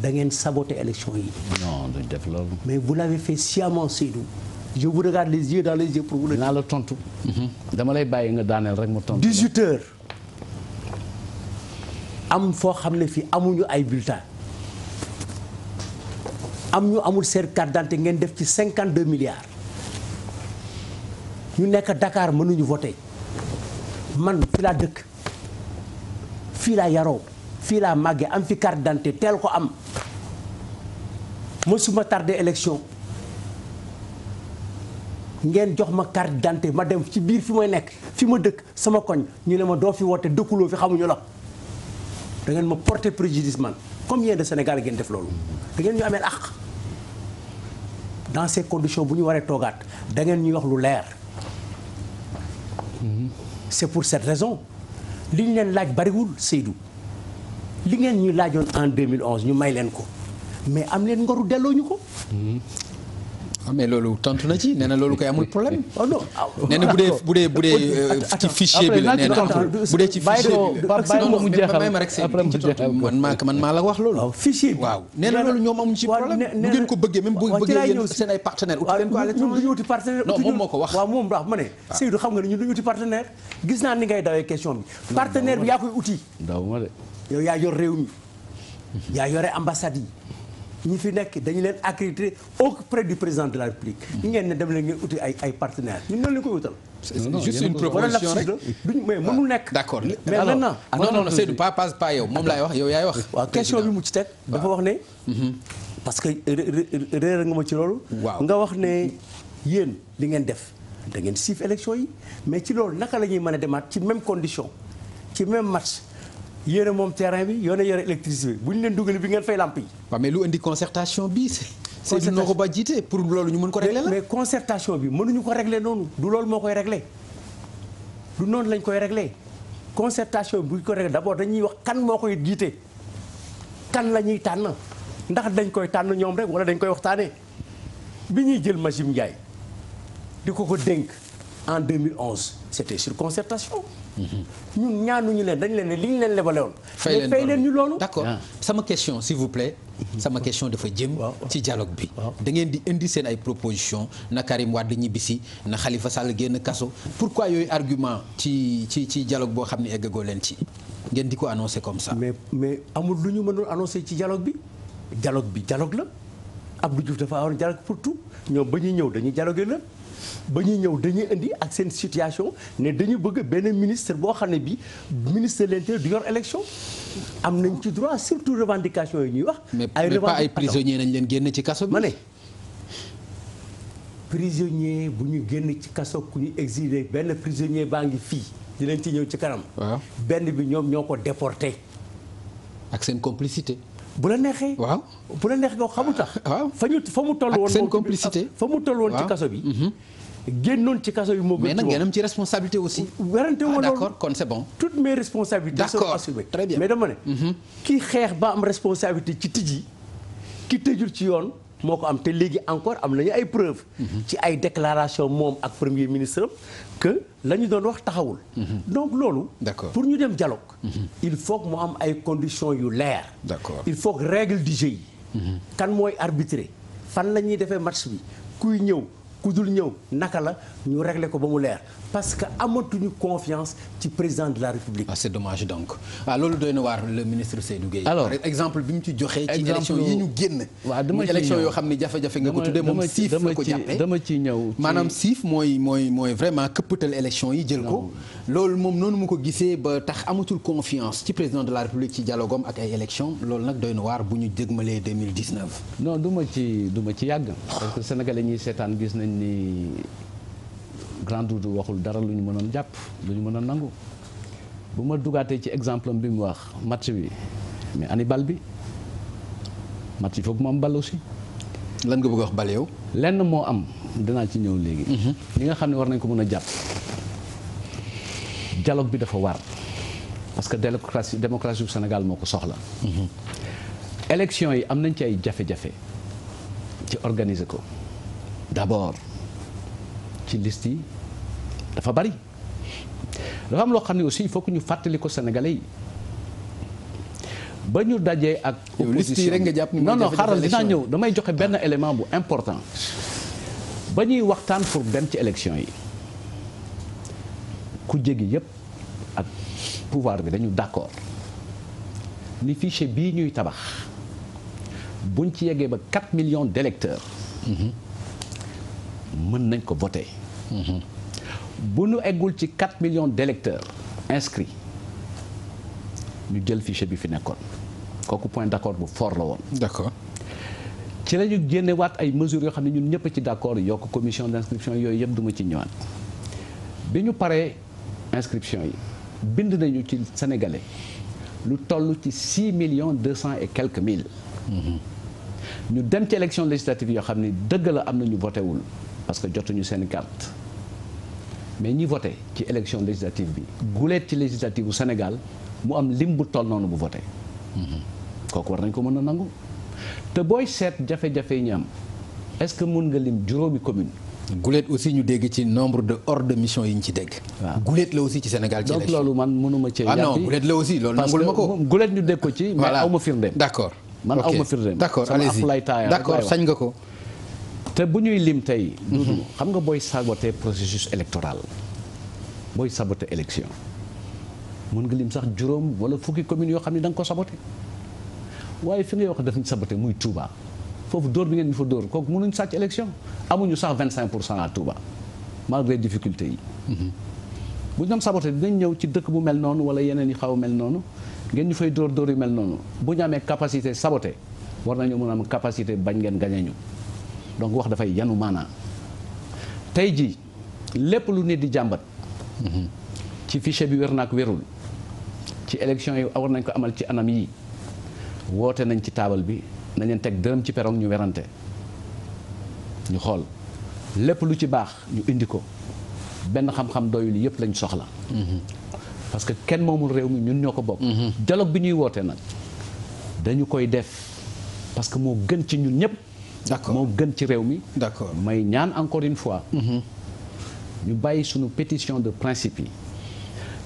dangeen ngeen saboter élection yi. non duñ def loolu. mais vous l'avez fait sciemment Seydou. je vous regarde les yeux dans les yeux pour vous le. naa la tontu. Mhm. dama lay bàyyi nga daaneel rek ma tontu. 18 am foo xam ne fii amuñu ay bulletins am ñu amul seen carte d'identité ngeen def ci 52 milliards ñu nekk dakaar mënuñu voter man fi laa dëkk fii laa yaroo fii laa màggee am fi carte d'identité teel ko am. mësuma tardé élection ngeen jox ma carte d'identité ma dem ci biir fi may nekk fi ma dëkk sama koñ ñu ne ma doo fi woote dëkkuloo fi xamuñu la da ngeen ma porté préjudice man comme de Sénégal ngeen def loolu da ngeen ñu ameel àq dans ces condition bu ñu waree toogaat da ngeen ñuy wax lu leer c'est pour cette raison li ñu leen laaj bariwul Seydou li ngeen ñu laajoon en 2011 ñu may leen ko mais am leen ngoru delloo ñu ko. ah loolu tontu na ci nee na loolu koy amul problème. oh bu dee bu dee bu dee euh, ci fichier bi la nee na bu dee ci fichier bi après mu jeexal man maa loolu. waaw fichier bi ci problème. bu ngeen ko bëggee même bu bëggee yéen seen ay partenaires. uti moom moo ko wax waaw moom wax ma ne. Ah. Seydou xam nga ne ñun duñu uti partenaire. gis naa ni ngay dawee question bi. partenaire bi yaa koy uti. daaw ma de. yow yaa yor réew mi. yaa yore ambassade yi ñi fi nekk dañu leen accrédité auprès du président de la République. ñu hmm. ngeen ne dem leen ngeen uti ay ay partenaires ñun noonu la ñu koy utal. juste une proposition rek duñ mais ah, mënul nekk. d'accord mais maintenant. Ah, non non non Seydou mu ci teg dafa wax ne. Mm-hmm. parce que réer nga ma ci loolu. waaw nga wax ne yéen li ngeen def. da ngeen siif élection yi mais ci loolu naka la ñuy mën a demaat ci même condition ci même match. yéen a moom terrain bi yéen a yore électricité bu ñu leen dugalee bi ngeen fay lamp yi. waaw mais lu indi concertation bi Seydou ko ba jiite pour loolu ñu mën ko régler mais concertation bi mënuñu ko régler noonu du loolu moo koy régler du noonu lañ koy régler concertation bi bu ñu ko régler d'abord dañuy wax kan moo koy jiite kan la ñuy tànn ndax dañ koy tànn ñoom rek wala dañ koy waxtaanee bi ñuy jël Majim Ndiaye di ko ko dénk. en 2011 c'était sur concertation. ñun ñaanuñu leen dañu leen li ñu leen lebalewoon. fay leen fay leen ñu loolu. d'accord ah. sama question s'il vous plaît. Mhm. sama question dafa jëm. ci dialogue bi. dangeen di indi seen ay proposition na Karim Wade ñibbisi na Khalifa Sall génn kaso. pourquoi yooyu argument ci ci ci dialogue boo xam ne eggagoo leen ci ngeen di ko annoncer comme ça. mais mais amul lu ñu mënoon annoncer ci dialogue bi jaloog bi jaloog la Abdou Diouf dafa awoon dialogue pour ñoom ba ñuy ñëw dañuy dialoguer la. ba ñuy ñëw dañu indi ak seen situation ne dañu bëgg benn ministre boo xam ne bi ministre de l'intérieur du yor élection am nañ ci droit surtout revendication yi ñuy wax. ay mais pas ay prisonniers nañ leen génn ci kaso bi. ma ne prisonnier bu ñu génn ci kaso ku ñu exilé benn prisonnier baa ngi fii dinañ ci ñëw ci kanam. benn bi ñoom ñoo ko déporté. ak seen complicité. bu la neexee. waaw bu la neexee nga xamul tax. waaw fa ñu fa mu toll woon. seen complicité fa mu toll woon ci kaso bi. Mhm. génnoon ci kaso bi moo gën mais nag ngeen am ci responsabilité aussi. werante woon ah, loolu d'accord kon c'est bon. toutes mes responsabilités. d'accord très bien mais dama ne. Mhm. kii xeex ba am responsabilité ci tijji ki tëjul ci yoon. moo ko am te léegi encore am nañu ay preuves. ci ay déclaration moom ak premier ministre que la ñu doon wax taxawul. donc loolu. d'accord pour ñu dem dialogue. il faut que mu am ay conditions yu leer. d'accord il faut que règle di jeu yi. Mhm. kan mooy arbitrer fan la ñuy defee match bi kuy ñëw. ku dul ñëw naka la ñu régler ko ba mu leer parce que amatuñu confiance ci président de la république. ah c'est dommage donc ah loolu doy na waar le ministre Seydou Gueye. alors exemple bi mu ci joxe. ci élection yi ñu génn. waaw dama ciy ñëw yoo xam ne jafe-jafe nga ko tuddee moom siif la ko jàppee dama ci ñëw maanaam siif mooy mooy mooy vraiment këppatal élection yi jël ko. loolu moom noonu mu ko gisee ba tax amatul confiance ci président de la république ci dialogue am ak ay élection loolu nag doy na waar bu ñu ni Grand Doudou waxul dara lu ñu mënoon jàpp lu ñu mënoon nangu bu ma dugaatee ci exemple am bi mu wax match bi mais ani bal bi match il faut que mu am bal aussi. lan nga bëgg wax bal lenn moo am dinaa ci ñëw léegi. Mhm. li nga xam ne war nañ ko mën a jàpp. dialogue bi dafa war parce que démocratie démocratie senegal moo ko soxla. Mhm. élection yi am nañ ci ay jafe-jafe ci organiser ko. d'abord ci liste dafa bari dafa am loo xam ne aussi il ñu fàttali ko yi ba ñu dajee ak. opposition rek nga jàpp non non xaaral dinaa ñëw damay joxe benn élément bu important ba ñuy waxtaan pour dem ci élection yi ku jéggi yépp ak pouvoir bi dañu d'accord ni fichier bii ñuy tabax buñ ci yeggee ba 4 million d'électeurs. Mhm. mën nañ ko voter bu nu eggul ci 4 millions d'électeurs inscrits ñu jël fichier bi fi nekkoon kooku point d'accord bu foor la woon. d'accord ci la ñu génnewaat ay mesures yoo xam ne ñun ñëpp ci d'accord yokk commission d'inscription yooyu yëpp duma ci ñëwaat bi ñu paree inscription yi bind nañu ci sénégalais lu toll ci 6 millions 200 et quelques mille. Mhm. ñu dem ci élection législative yoo xam ne dëgg la am na ñu voté wul. parce que jotuñu seen carte mais ñi voté ci élection législative bi guleet ci législative bu Sénégal mu am lim bu toll noonu bu voté mhm. kooku war nañ ko mën a nangu te booy seet jafe-jafe yi ñu am est-ce que mën nga lim juróomi commune guleet aussi ñu dégg ci nombre de hors de mission yi ñu ci dégg. waaw guleet la aussi ci Sénégal. ci donc loolu man mënuma cee. ah non guleet la aussi loolu nangul ma ko parce que guleet ñu dégg ko ci. mais aw firndeem. d'accord man aw ma nga ko. te bu ñuy lim tey. xam nga booy saboter processus électoral booy saboter élection mën nga lim sax juróom wala fukki commune yoo xam ne da ko saboter waaye fi ngay wax daf ñu saboter muy Touba foofu dóor bi ngeen ñu fa dóor kooku mënuñ sàcc élection amuñu sax 25 pour cent à Touba malgré difficulté yi. bu ñu doon saboter dinañ ñëw ci dëkk bu mel noonu wala yeneen yi xaw mel noonu ngeen ñu fay dóor dóor yu mel noonu bu ñu amee capacité saboter war nañu mën a am capacité bañ ngeen gañe ñu. donc wax dafay yanu maanaa tey ji lépp lu ne di jàmbat mhm. ci fichier bi wér na ak wérul ci élection yi war nañ ko amal ci anam yi woote nañ ci taabal bi nañ leen teg dërëm ci peroog ñu werante ñu xool lépp lu ci baax ñu indi ko benn xam-xam doyul yëpp lañ soxla mhm. parce que kenn moomul réew mi ñun ñoo ko bokk mhm. dialogue bi ñuy woote nag dañu koy def parce que moo gën ci ñun ñëpp d'accord moo gën ci réew mi. d'accord may ñaan encore une fois. Mm-hmm. ñu bàyyi suñu pétition de principe yi.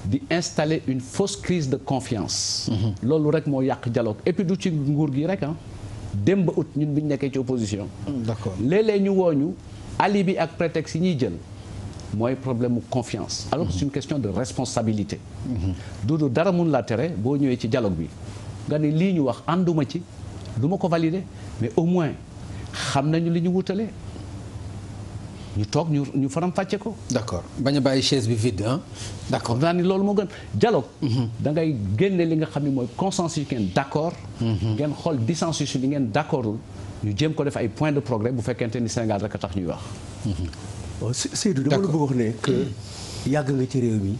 di installer une fausse crise de confiance. Mm-hmm. loolu rek moo yàq dialogue et puis du ci nguur gi rek am ah. dem ba ut ñun bu ñu nekkee ci opposition. Mm, d'accord léeg ñu woo ñu alibi ak prétexte yi ñuy jël. mooy problème mu confiance. alors que mm-hmm. une question de responsabilité. Doudou dara mun laa tere boo ñëwee ci dialogue bi. nga ne lii ñu wax ànduma ci du ma ko valider mais au moins. xam nañu li ñu wutale ñu toog ñu ñu faram fàcce ko. d'accord bañ a bàyyi chaise bi vide ah. d'accord naa ni loolu moo gën dialogue. Mm-hmm. da ngay génne li nga xam ne mooy consensus ngeen d'accord. Mm-hmm. ngeen xool dissensus li ngeen d'accordul ñu jéem ko def ay points de progrès bu fekkente ni Sénégal rek a tax ñuy wax. Mm-hmm. Oh, Seydou dama la bëgg wax ne que yàgg nga ci réew mi.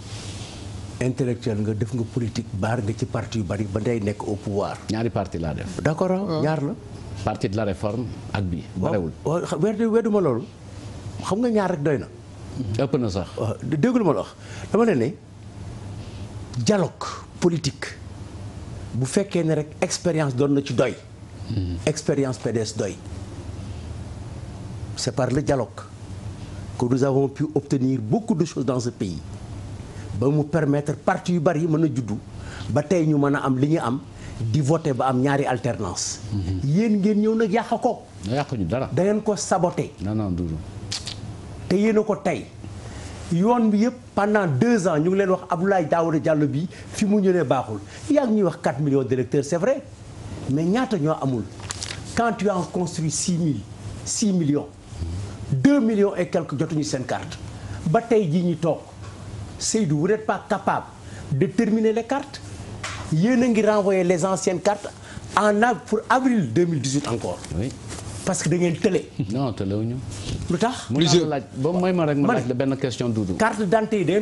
intellectuel nga def nga politique baar nga ci parti yu bari ba day nekk au pouvoir. ñaari parti laa def. d'accord ah. la. partie de la réforme ak bii. barewul waaw waaw weddu ma loolu xam nga ñaar rek doy na. ëpp na sax. waaw déglu ma la dama ne ne dialogue politique bu fekkee ne rek expérience doon na ci doy. Hmm. expérience PDS doy. c'est par le dialogue que nous avons pu obtenir beaucoup de choses dans ce pays ba mu permettre partie yu bari mën a juddu ba tey ñu mën a am li ñu am. di voté ba am ñaari alternance mhm. yéen ngeen ñëw nag yàq ko. yàq ñu dara da ko saboté. non non te yéen ko tey yoon bi yëpp pendant deux ans ñu ngi leen wax Abdoulaye Daouda jàll bi fi mu ñu baaxul yaa ñuy wax 4 millions directeur c'est vrai mais ñaata ñoo amul quand tu as construit 6 million 6 million 2 millions et jotuñu seen carte ba tey jii ñu toog Seydou vous n'êtes pas capable de terminer le cartes. yéen a ngi renvoyer les anciennes cartes en av pour avril 2018 encore. oui parce que da ngeen tële. non tëlewuñu. lu tax monsieur laaj ba may ma rek ma laaj la benn question Doudou. carte d'identité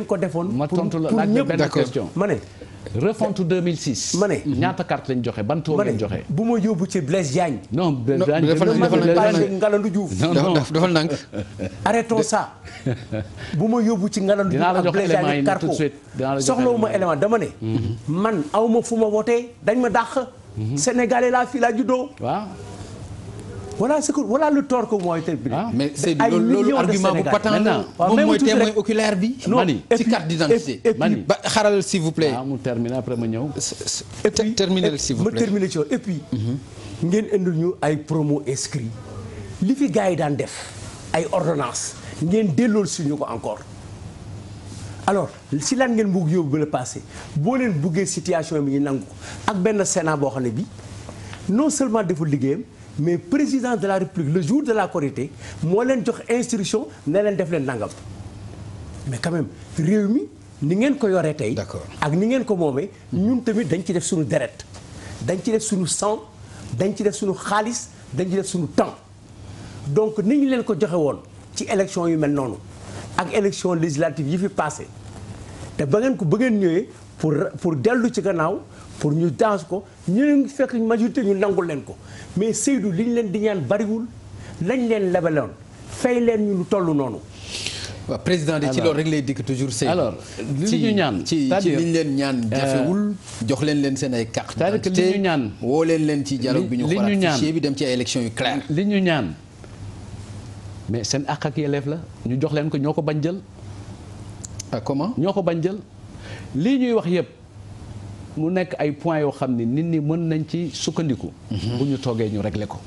ma tontu la laaj la benn question ma ne. refonte 2006. ma ne ñaata carte lañ joxe ban tool lañ joxe. bu ma yóbbu ci Blaise Diagne. non Blaise Diagne defal nañ Ngalandou Diouf. non non defal nañ arrêtons ça bu ma yóbbu ci Ngalandou Diouf ak Blaise Diagne Carco soxlawu ma élément dama ne. Mm-hmm. man aw ma fu ma wootee dañ ma dàq. Mm-hmm. Sénégalais laa fii laa juddoo. waaw. voilà ce que voilà le tort que mooy tey bi. ah mais c'est loolu argument bu patent la moom mooy témoin oculaire bi. mani ci carte d'identité. mani ba xaral s'il vous plaît. Ah, mu terminer après ma ñëw. terminer s'il vous plaît ma terminer ci et puis. Mhm. ngeen indil ñu ay promo inscrits li fi gars yi daan def ay ordonnances ngeen dellool suñu ko encore. alors si lan ngeen bugg yóbbu ba la passé boo leen buggee situation bi ñu nangu ak benn Sénat boo xam ne bi non seulement deful liggéeyam. mais président de la république le jour de la Korité moo leen jox instruction ne leen def leen nangam mais quand même réew mi ni ngeen ko yoree tey. d'accord ak ni ngeen ko moomee ñun tamit dañ ci def suñu deret dañ ci def suñu sang dañ ci def suñu xaalis dañ ci def suñu temps donc ni ñu leen ko joxe woon ci élection yu mel noonu ak élection législative yi fi passé te ba ngeen ko ba ngeen ñëwee pour pour dellu ci gannaaw. pour ñu danse ko ñu ngi fekk majorité ñu nangu leen ko mais Seydou li ñu leen di ñaan bariwul lañ leen lebaloon fay leen ñu lu toll noonu. waaw président de ci loolu rek lay dikk toujours Seydou. alors li ñu ñaan ci ci li ñu leen ñaan euh, jafewul. jox leen leen seen ay carte d'identité li ñu ñaan woo leen leen ci dialogue bi ñu xoolaat fichier bi dem ci ay élections yu claires. li ñu ñaan mais seen àq ak yelleef la ñu jox leen ko ñoo ko bañ jël. ah ñoo ko bañ jël lii ñuy wax yëpp. mu nekk ay points yoo xam ni nit ñi mën nañ ci sukkandiku. Mhm. bu ñu toogee ñu régler ko.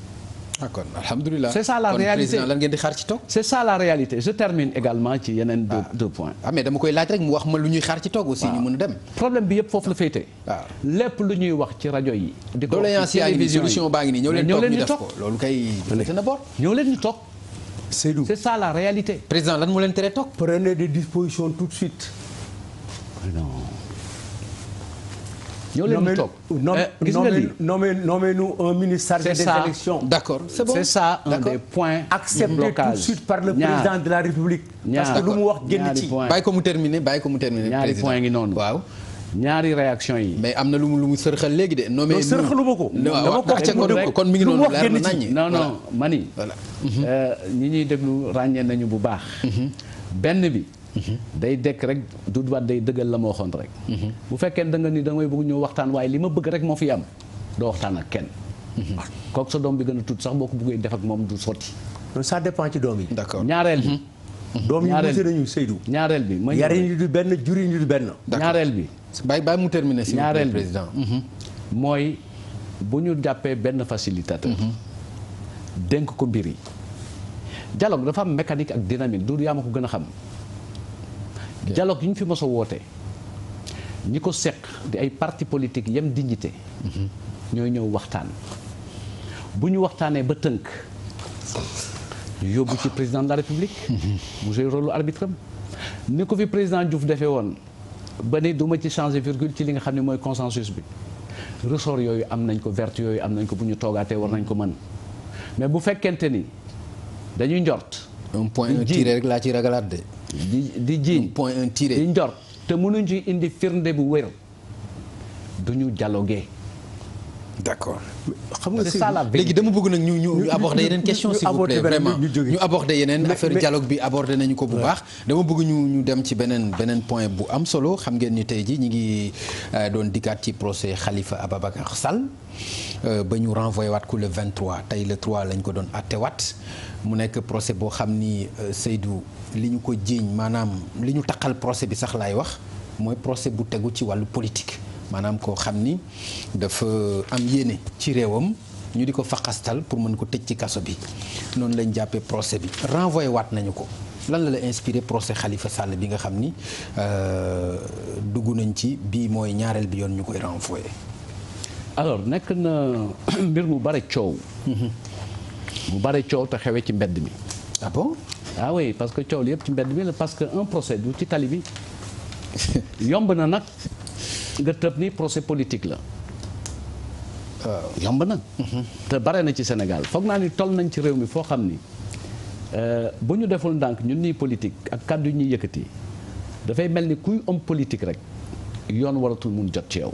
d'accord alhamdulilah c'est ça la réalité lan ngeen di xaar ci toog. c'est ça réalité je termine également ci yeneen. deux ah. deux points. ah mais dama koy laaj rek mu wax ma lu ñuy xaar ci toog. aussi ñu ah. mën a dem. problème bi yëpp foofu la féete. waaw ah. lépp lu ñuy wax ci rajo yi. di ko ci baa ngi nii ñëw leen toog ñu def ko loolu kay. ñëw leen ñu la réalité. président lan mu leen tere toog. prenez des dispositions tout de suite. ñoo leen di topp eh, gis nga lii nommez nommez nous un ministre chargé des élections d'accord c'est ça un des points accepté tout suite par le président de la République parce que lu mu wax génn ci bàyyi ko mu terminer bàyyi ko mu terminer ñaari point ngi noonu waaw ñaari réaction yi. mais am na lu mu lu mu sërxal léegi de. non mais non sërxalu ma ko. dama ko kon mi ngi noonu leer naññi non non mani euh, ñi ñuy déglu ràññee nañu bu baax. Mhm. benn bi. day dekk rek Doudou Wade day dëggal la ma waxoon rek. bu fekkee da nga ni damay bëgg ñëw waxtaan waaye li ma bëgg rek moo fi am doo waxtaan ak kenn. kook sa doom bi gën a tuut sax boo ko bëggee def ak moom du sotti. donc ça dépend ci doom yi. d'accord ñaareel bi. doom yi wuute nañu bi ma yar benn jur yi du benn. ñaareel bi. bàyyi bàyyi mu terminer si ñaareel bi président. Mm-hmm. mooy bu ñu jàppee benn facilitateur. Mm-hmm. dénk ko mbir yi. dialogue dafa am mécanique ak dynamique du yaa ma ko gën a xam. jaloo yi ñu fi mos a woote ñi ko seq di ay parti politique yem dignité mhm. ñooy ñëw waxtaan bu ñu waxtaanee ba tënk ñu yóbbu ci président de la république mhm. mu joué rôle arbitre am ni ko fi président Diouf defee woon ba ne duma ci changer virgule ci li nga xam ne mooy consensus bi ressort yooyu am nañ ko vertu yooyu am nañ ko bu ñu toggaatee war nañ ko mën mais bu fekkente ni dañuy njort un point un rek laa ci ragalaat di ji jiiñ point di njor te mënuñ ci indi firnde bu wér du ñu dialogué d'accord xam nga c'est ça la léegi dama bëgg nag ñu ñu aborder yeneen question s'il vous plaît vraiment ñu aborder yeneen affaire dialogue bi aborder nañu ko bu baax dama bëgg ñu dem ci beneen beneen point bu am solo xam ngeen ni tey ji ñi ngi euh, doon dikkaat ci procès Khalifa Ababacar Sall euh, ba ñu renvoyé waat ko le 23 tey le 3 lañ ko doon àtte waat mu nekk procès boo xam ni euh, Seydou li ñu ko jiiñ maanaam li ñu taqal procès bi sax laay wax mooy procès bu tegu ci wàllu politique maanaam koo xam ni dafa am yéene ci réewam ñu di ko faqastal pour mën ko tëj ci kaso bi noonu lañ jàppee procès bi renvoyé waat nañu ko lan la la inspiré procès xalifa Sall bi nga xam ni euh, dugg nañ ci bii mooy ñaareel bi yoon ñu koy renvoyé. alors nekk na mbir mu bare coow. Mhm. mu bare coow te xewee ci mbedd mi. ah bon ah oui parce que coow li yëpp ci mbedd mi la parce que un procès du ci tali bi yomb na nag nga tëb ni procès politique la yomb na te bare na ci Sénégal foog naa ni toll nañ ci réew mi foo xam ni euh, bu ñu deful ndànk ñun ñuy politique ak kàddu ñuy yëkkati dafay mel ni kuy homme politique rek yoon waratul mun jot ci yow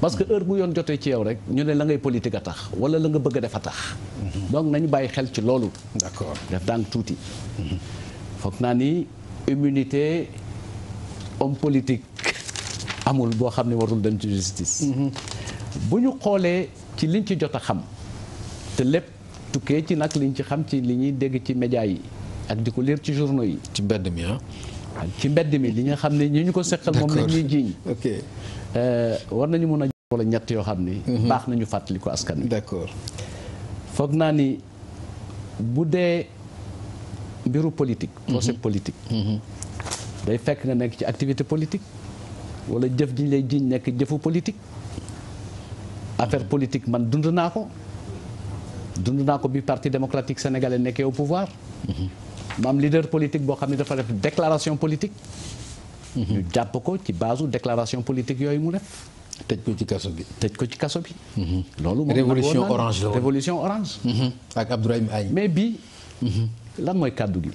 parce que heure bu yoon jotee ci yow rek ñu ne la ngay politique a tax wala la nga bëgg a def a tax donc nañu bàyyi xel ci loolu d'accord def ndànk tuuti foog naa ni immunité homme politique amul boo xam ne warul dem ci justice. Mm-hmm. bu ñu xoolee ci liñ ci jot a xam te lépp tukkee ci nag liñ ci xam ci li ñuy dégg ci média yi ak di ko lire ci journaux yi. ci mbedd mi ah. ci mbedd mi li nga xam ne ñi ñu ko seqal moom la ñuy jiiñ. Euh, war nañu mën a wala ñett yoo xam ni. Mm-hmm. baax nañu fàttali ko askan wi. d'accord foog naa ni bu dee mbiru politique. procès mm-hmm. politique. day fekk nga nekk ci activité politique. wala jëf ji lay jiñ nekk jëfu politique affaire politique man dund naa ko dund naa ko bi parti démocratique sénégalais nekkee au pouvoir ma am leader politique boo xam ne dafa def déclaration politique ñu jàpp ko ci base déclaration politique yooyu mu def tëj ko ci kaso bi tëj ko ci kaso bi mhm. loolu moom révolution orange révolution orange mhm. ak Abdourahim ay mais bii mhm. lan mooy kàddu gi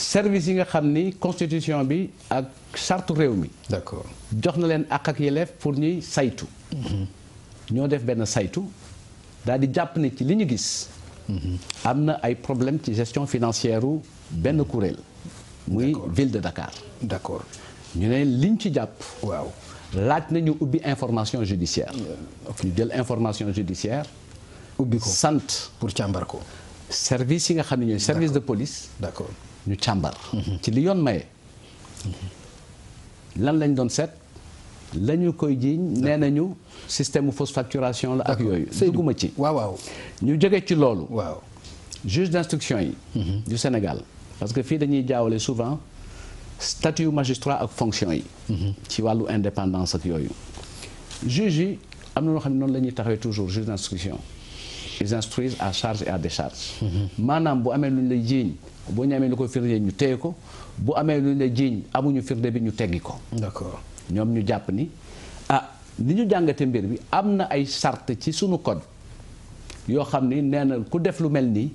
service yi nga xam ni constitution bi ak charte réew mi. d'accord jox na leen àq ak yelleef pour ñuy saytu. Mhm. ñoo def benn saytu daal di jàpp ni ci li ñu gis. Mhm. am na ay problème ci gestion financière u benn kuréel. muy ville de Dakar. d'accord ñu ne liñ ci jàpp. waaw laaj nañu ubbi information judiciaire. ñu jël information judiciaire. ubbi sant pour càmbar ko. service yi nga xam ne ñooy. service de police. d'accord ñu càmbar. Mhm. ci li yoon maye. Mhm. lan lañ doon set lañu koy jiiñ nee nañu système mu facturation la ak yooyu dugguma ci waaw ñu jóge ci loolu waaw juge d'instruction yi mhm. du Sénégal parce que fii dañuy jaawale souvent statut magistrat ak fonction yi ci wàllu indépendance ak yooyu juge yi am na loo xam ne noonu la ñuy taxawee toujours juge d'instruction ils instruisent à charge et à décharge maanaam bu amee lu lay jiiñ boo ñu amee lu ko firnde ñu téye ko bu amee lu ñu la jiiñ amuñu firnde bi ñu teggi ko. d'accord ñoom ñu jàpp ni ah li ñu jàngate mbir bi am na ay sart ci suñu code yoo xam ni nee na ku def lu mel nii.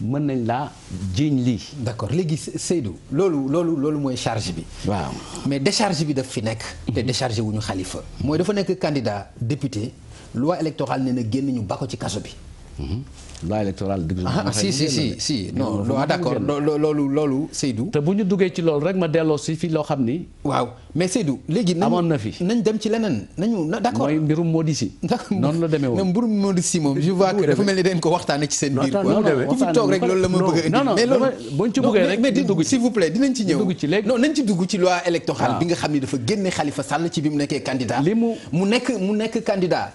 mën nañ laa jiiñ lii. d'accord léegi Seydou loolu loolu loolu mooy charge bi. waaw mais décharge bi daf fi nekk. te mhm. déchargé wu ñu xalifa. mooy dafa nekk candidat député loi électorale nee na génn ñu ba ci kaso bi. Mm-hmm. loi électorale dëgg ah, ah si si si si non ah d'accord loolu loolu Seydou. te bu ñu duggee ci loolu rek ma delloo si fii loo xam ni. waaw mais Seydou léegi. na fi nañ dem ci leneen nañu d'accord mooy mbirum Modou noonu la demee woon mbirum Modou moom je vois que dafa mel ni dañ ko waxtaanee ci seen biir. non ku toog rek loolu la ma bëgg a indi. mais loolu buñ ci bëggee rek di dugg ci s'il vous plaît dinañ ci ñëw. nañ ci dugg ci loi électorale ah. ni dafa génne bi mu nekk mu nekk candidat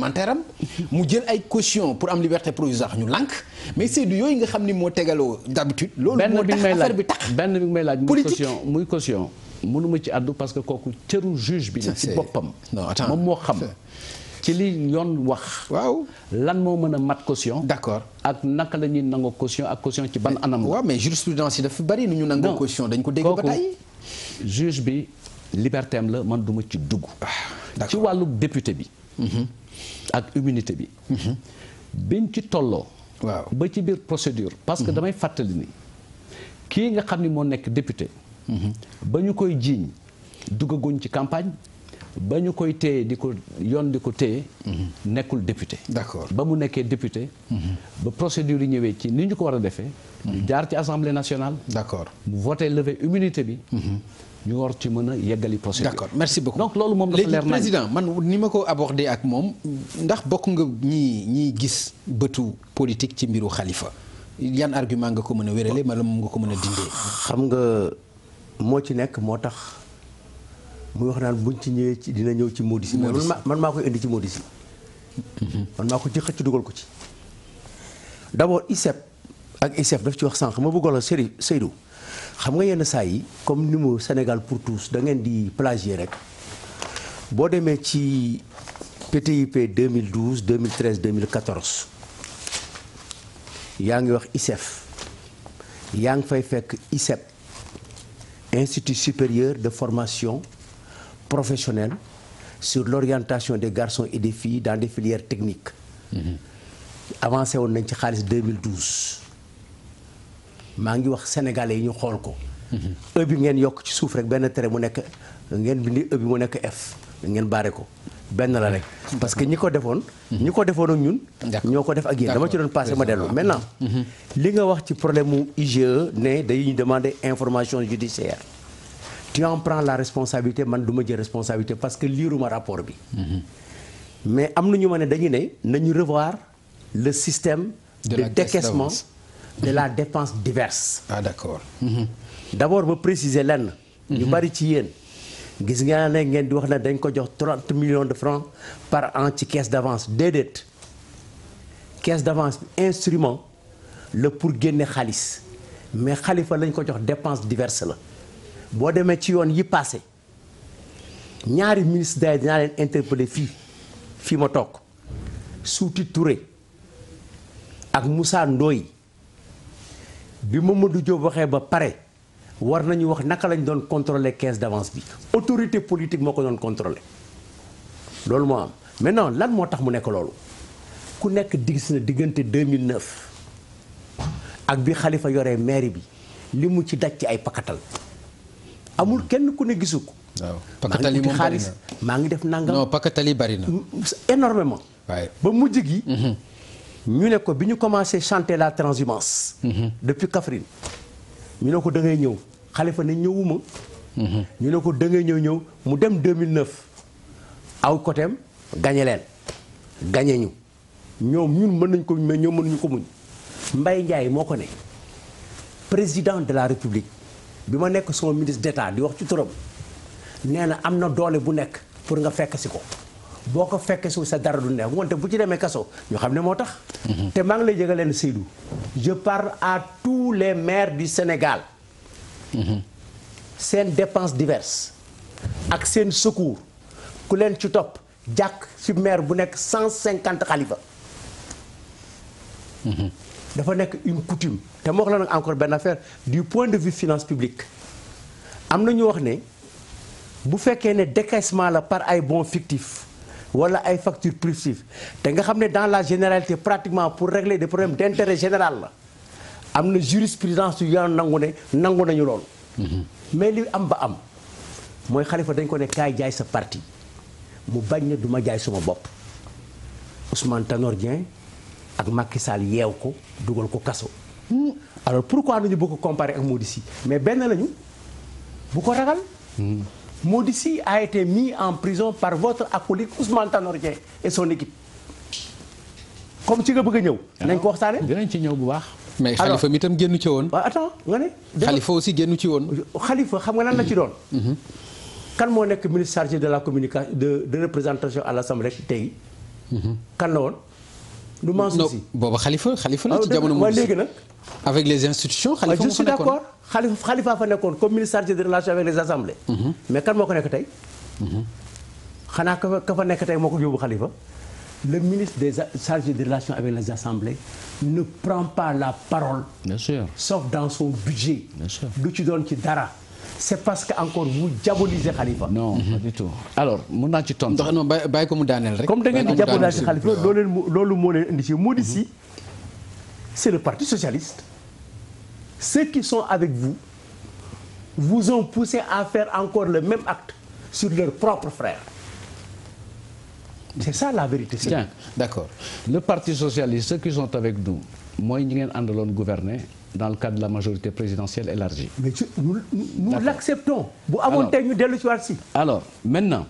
parlementaire am mu jël ay caution pour am liberté provisoire ñu lànk mais Seydou yooyu nga xam ni moo tegaloo d'habitude loolu moo tax affaire bi tax benn bi may laaj muy caution muy caution mënuma ci àddu parce que kooku cëru juge bi la ci boppam moom moo xam ci li yoon wax. waaw lan moo mën a mat caution. d'accord ak naka la ñuy nangoo caution ak caution ci ban anam. waaw mais jurisprudence yi dafa bari nu ñu nangoo caution dañ ko dégg ba tey bi liberté la man duma ci dugg. Ah, ci wàllu député bi. Mhm. ak immunité bi. Mhm. biñ ci tolloo. waaw ba ci biir procédure. parce que mhm. damay fàttali ni kii nga xam ni moo nekk député. Mhm. ba ñu koy jiiñ duggaguñ ci campagne. ba ñu koy téye di ko yoon di ko téye. nekkul député. d'accord ba mu nekkee député. ba procédure yi ñëwee ci ni ñu ko war a defee. ñu jaar ci assemblée nationale. d'accord mu voté levé immunité bi. ñu war ci mën a yeggali procédure. d'accord merci beaucoup donc loolu moom dafa leer nañu président man ni ma ko abordé ak moom ndax bokk nga ñi ñiy gis bëtu politique ci mbiru xalifa yan argument nga ko mën a wéralee wala moom nga ko mën a dindee. xam nga moo ci nekk moo tax muy wax naan buñ ci ñëwee ci dina ñëw ci modis. modis man maa koy indi ci modis mhm. man maa ko ci dugal ko ci. d'abord ISEP ak ISEF daf ci wax sànq ma bëggoon la Seydou. xam nga yenn saa yi comme ni mu Sénégal pour tous da ngeen di plagier rek boo demee ci PTIP 2012 2013 2014 yaa ngi wax ICEF yaa ngi fay fekk ICEP Institut supérieur de formation professionnel sur l'orientation des garçons et des filles dans des filière technique mm-hmm. avancé woon nañ ci xaalis 2012. maa ngi wax sénégalais yi ñu xool ko. e bi ngeen yokk ci suuf rek benn tere mu nekk ngeen bindi e bi mu nekk F ngeen bare ko benn la rek. parce que ñi ko defoon. ñi ko defoon ak ñun. ñoo ko def ak yéen dama ci doon passé ma dellu maintenant. li nga wax ci problème mu IGE ne dañuy demande information judiciaire tu en prends la responsabilité man du ma jël responsabilité parce que liiruma rapport bi. mais am na ñu ma ne dañu ne nañu revoir le système. de décaissement de la dépense diverse. ah d'accord. Mhm. d' abord ma préciser lenn. ñu mhm. bari ci yéen. gis nga ne ngeen di wax na dañ ko jox trente million de francs par an ci caisse d' avance déedéet caisse d' avance instrument la pour génne xaalis mais xalifa lañ ko jox dépense diverse la boo demee ci yoon yi passé ñaari ministre day dinaa leen interpellé fii fii ma toog Souti Touré ak Moussa Ndoye bi Mamadou Diop waxee ba pare war nañu wax naka lañ doon contrôler caisse d'avance bi autorité politique moo ko doon contrôler loolu moo am maintenant lan moo tax mu nekk loolu ku nekk digis na diggante 2009 ak bi xalifa yoree mairie bi li mu ci daj ci ay pakatal amul kenn ku ne gisu ko. waaw pakatal yi maa ngi def xaalis maa ngi def nangam. non pakatal ba mujj gi. Mhm. ñu ne ko bi ñu commencé chanter la transhumance. Mhm. depuis Kaffrine ñu ne ko da ngay ñëw Khalifa ne ñëwuma. Mhm. ñu ne ko da ngay ñëw ñëw mu dem 2009 aw koteem gañe leen gañe ñu ñoom ñun mën nañ ko mais ñoom mënuñu ko muñ Mbaye Ndiaye moo ko ne président de la république bi ma nekk suma ministre d'état di wax ci trop nee na am na doole bu nekk pour nga fekk si ko. boo ko fekkee su sa dara du neex wante bu ci demee kaso ñoo xam ne moo tax. te maa ngi lay jëgal leen Seydou. je parle à tous les maires du Sénégal. seen dépense diverses. ak seen secours ku leen ci topp jàkk ci maire bu nekk cent cinquante xalifa. dafa nekk une coutume te moo wax la nag encore benn affaire du point de vue finance publique am na ñu wax ne bu fekkee ne décaissement la par ay bons fictifs. wala ay factures plusives te nga xam ne dans la généralité pratiquement pour régler des problèmes d' intérêt général la am na jurisprudence yu yoon nangu ne nangu nañu loolu mm-hmm. mais li am ba am mooy Khalifa dañ ko nekk ay jaay sa parti mu bañ ne du ma jaay suma bopp Ousmane Tanor ak Macky Sall yeew ko dugal ko kaso mm-hmm. alors pourquoi nu ñu bëgg ko comparer ak Modici mais benn lañu bu ko ragal mm-hmm. Modissi a été mis en prison par votre acolyte Ousmane Tanor Dieng et son équipe comme ci nga bëgg a ñëw. nañ ko waxtaanee dinañ ci ñëw bu baax. mais xalifa mi itam génn ci woon. waaw attends nga ne. xalifa aussi génnu ci woon. xalifa xam nga lan la ci doon. Mm-hmm. Mm-hmm. kan moo nekk ministre chargé de la communication de de représentation à l'Assemblée tey. Mm-hmm. kan la woon. du Mansour Sy booba xalifa xalifa la ah, ci jamono. waaw léegi nag. avec les institutions xalifa moo fa nekkoon je suis d'accord. xalifa xalifa fa nekkoon comme ministre chargé des relations avec les assemblées. Mhm. mais kan moo ko nekk tey. Mhm. xanaa ka fa nekk tey moo ko yóbbu xalifa le ministre des chargé de relations avec les assemblées ne prend pas la parole. bien sûr sauf dans son budget. bien ci doon ci dara. c'est parce que encore vous diabolisez Khalifa. non pas mhm. du tout alors mun naa ci tontu. ndax non bàyyi ko mu daaneel rek. comme da ngeen di diaboliser Khalifa loolu moo leen indi si moo di si le parti socialiste. ceux qui sont avec vous vous ont poussé à faire encore le même acte sur leurs propres frères c'est ça la vérité. tiens d'accord le parti socialiste ceux qui sont avec nous mooy ñi ngeen àndaloon gouverner dans le cadre de la majorité présidentielle élargie. mais tu nous nous l'acceptons. bu amoon tey ñu dellu ci si. alors maintenant.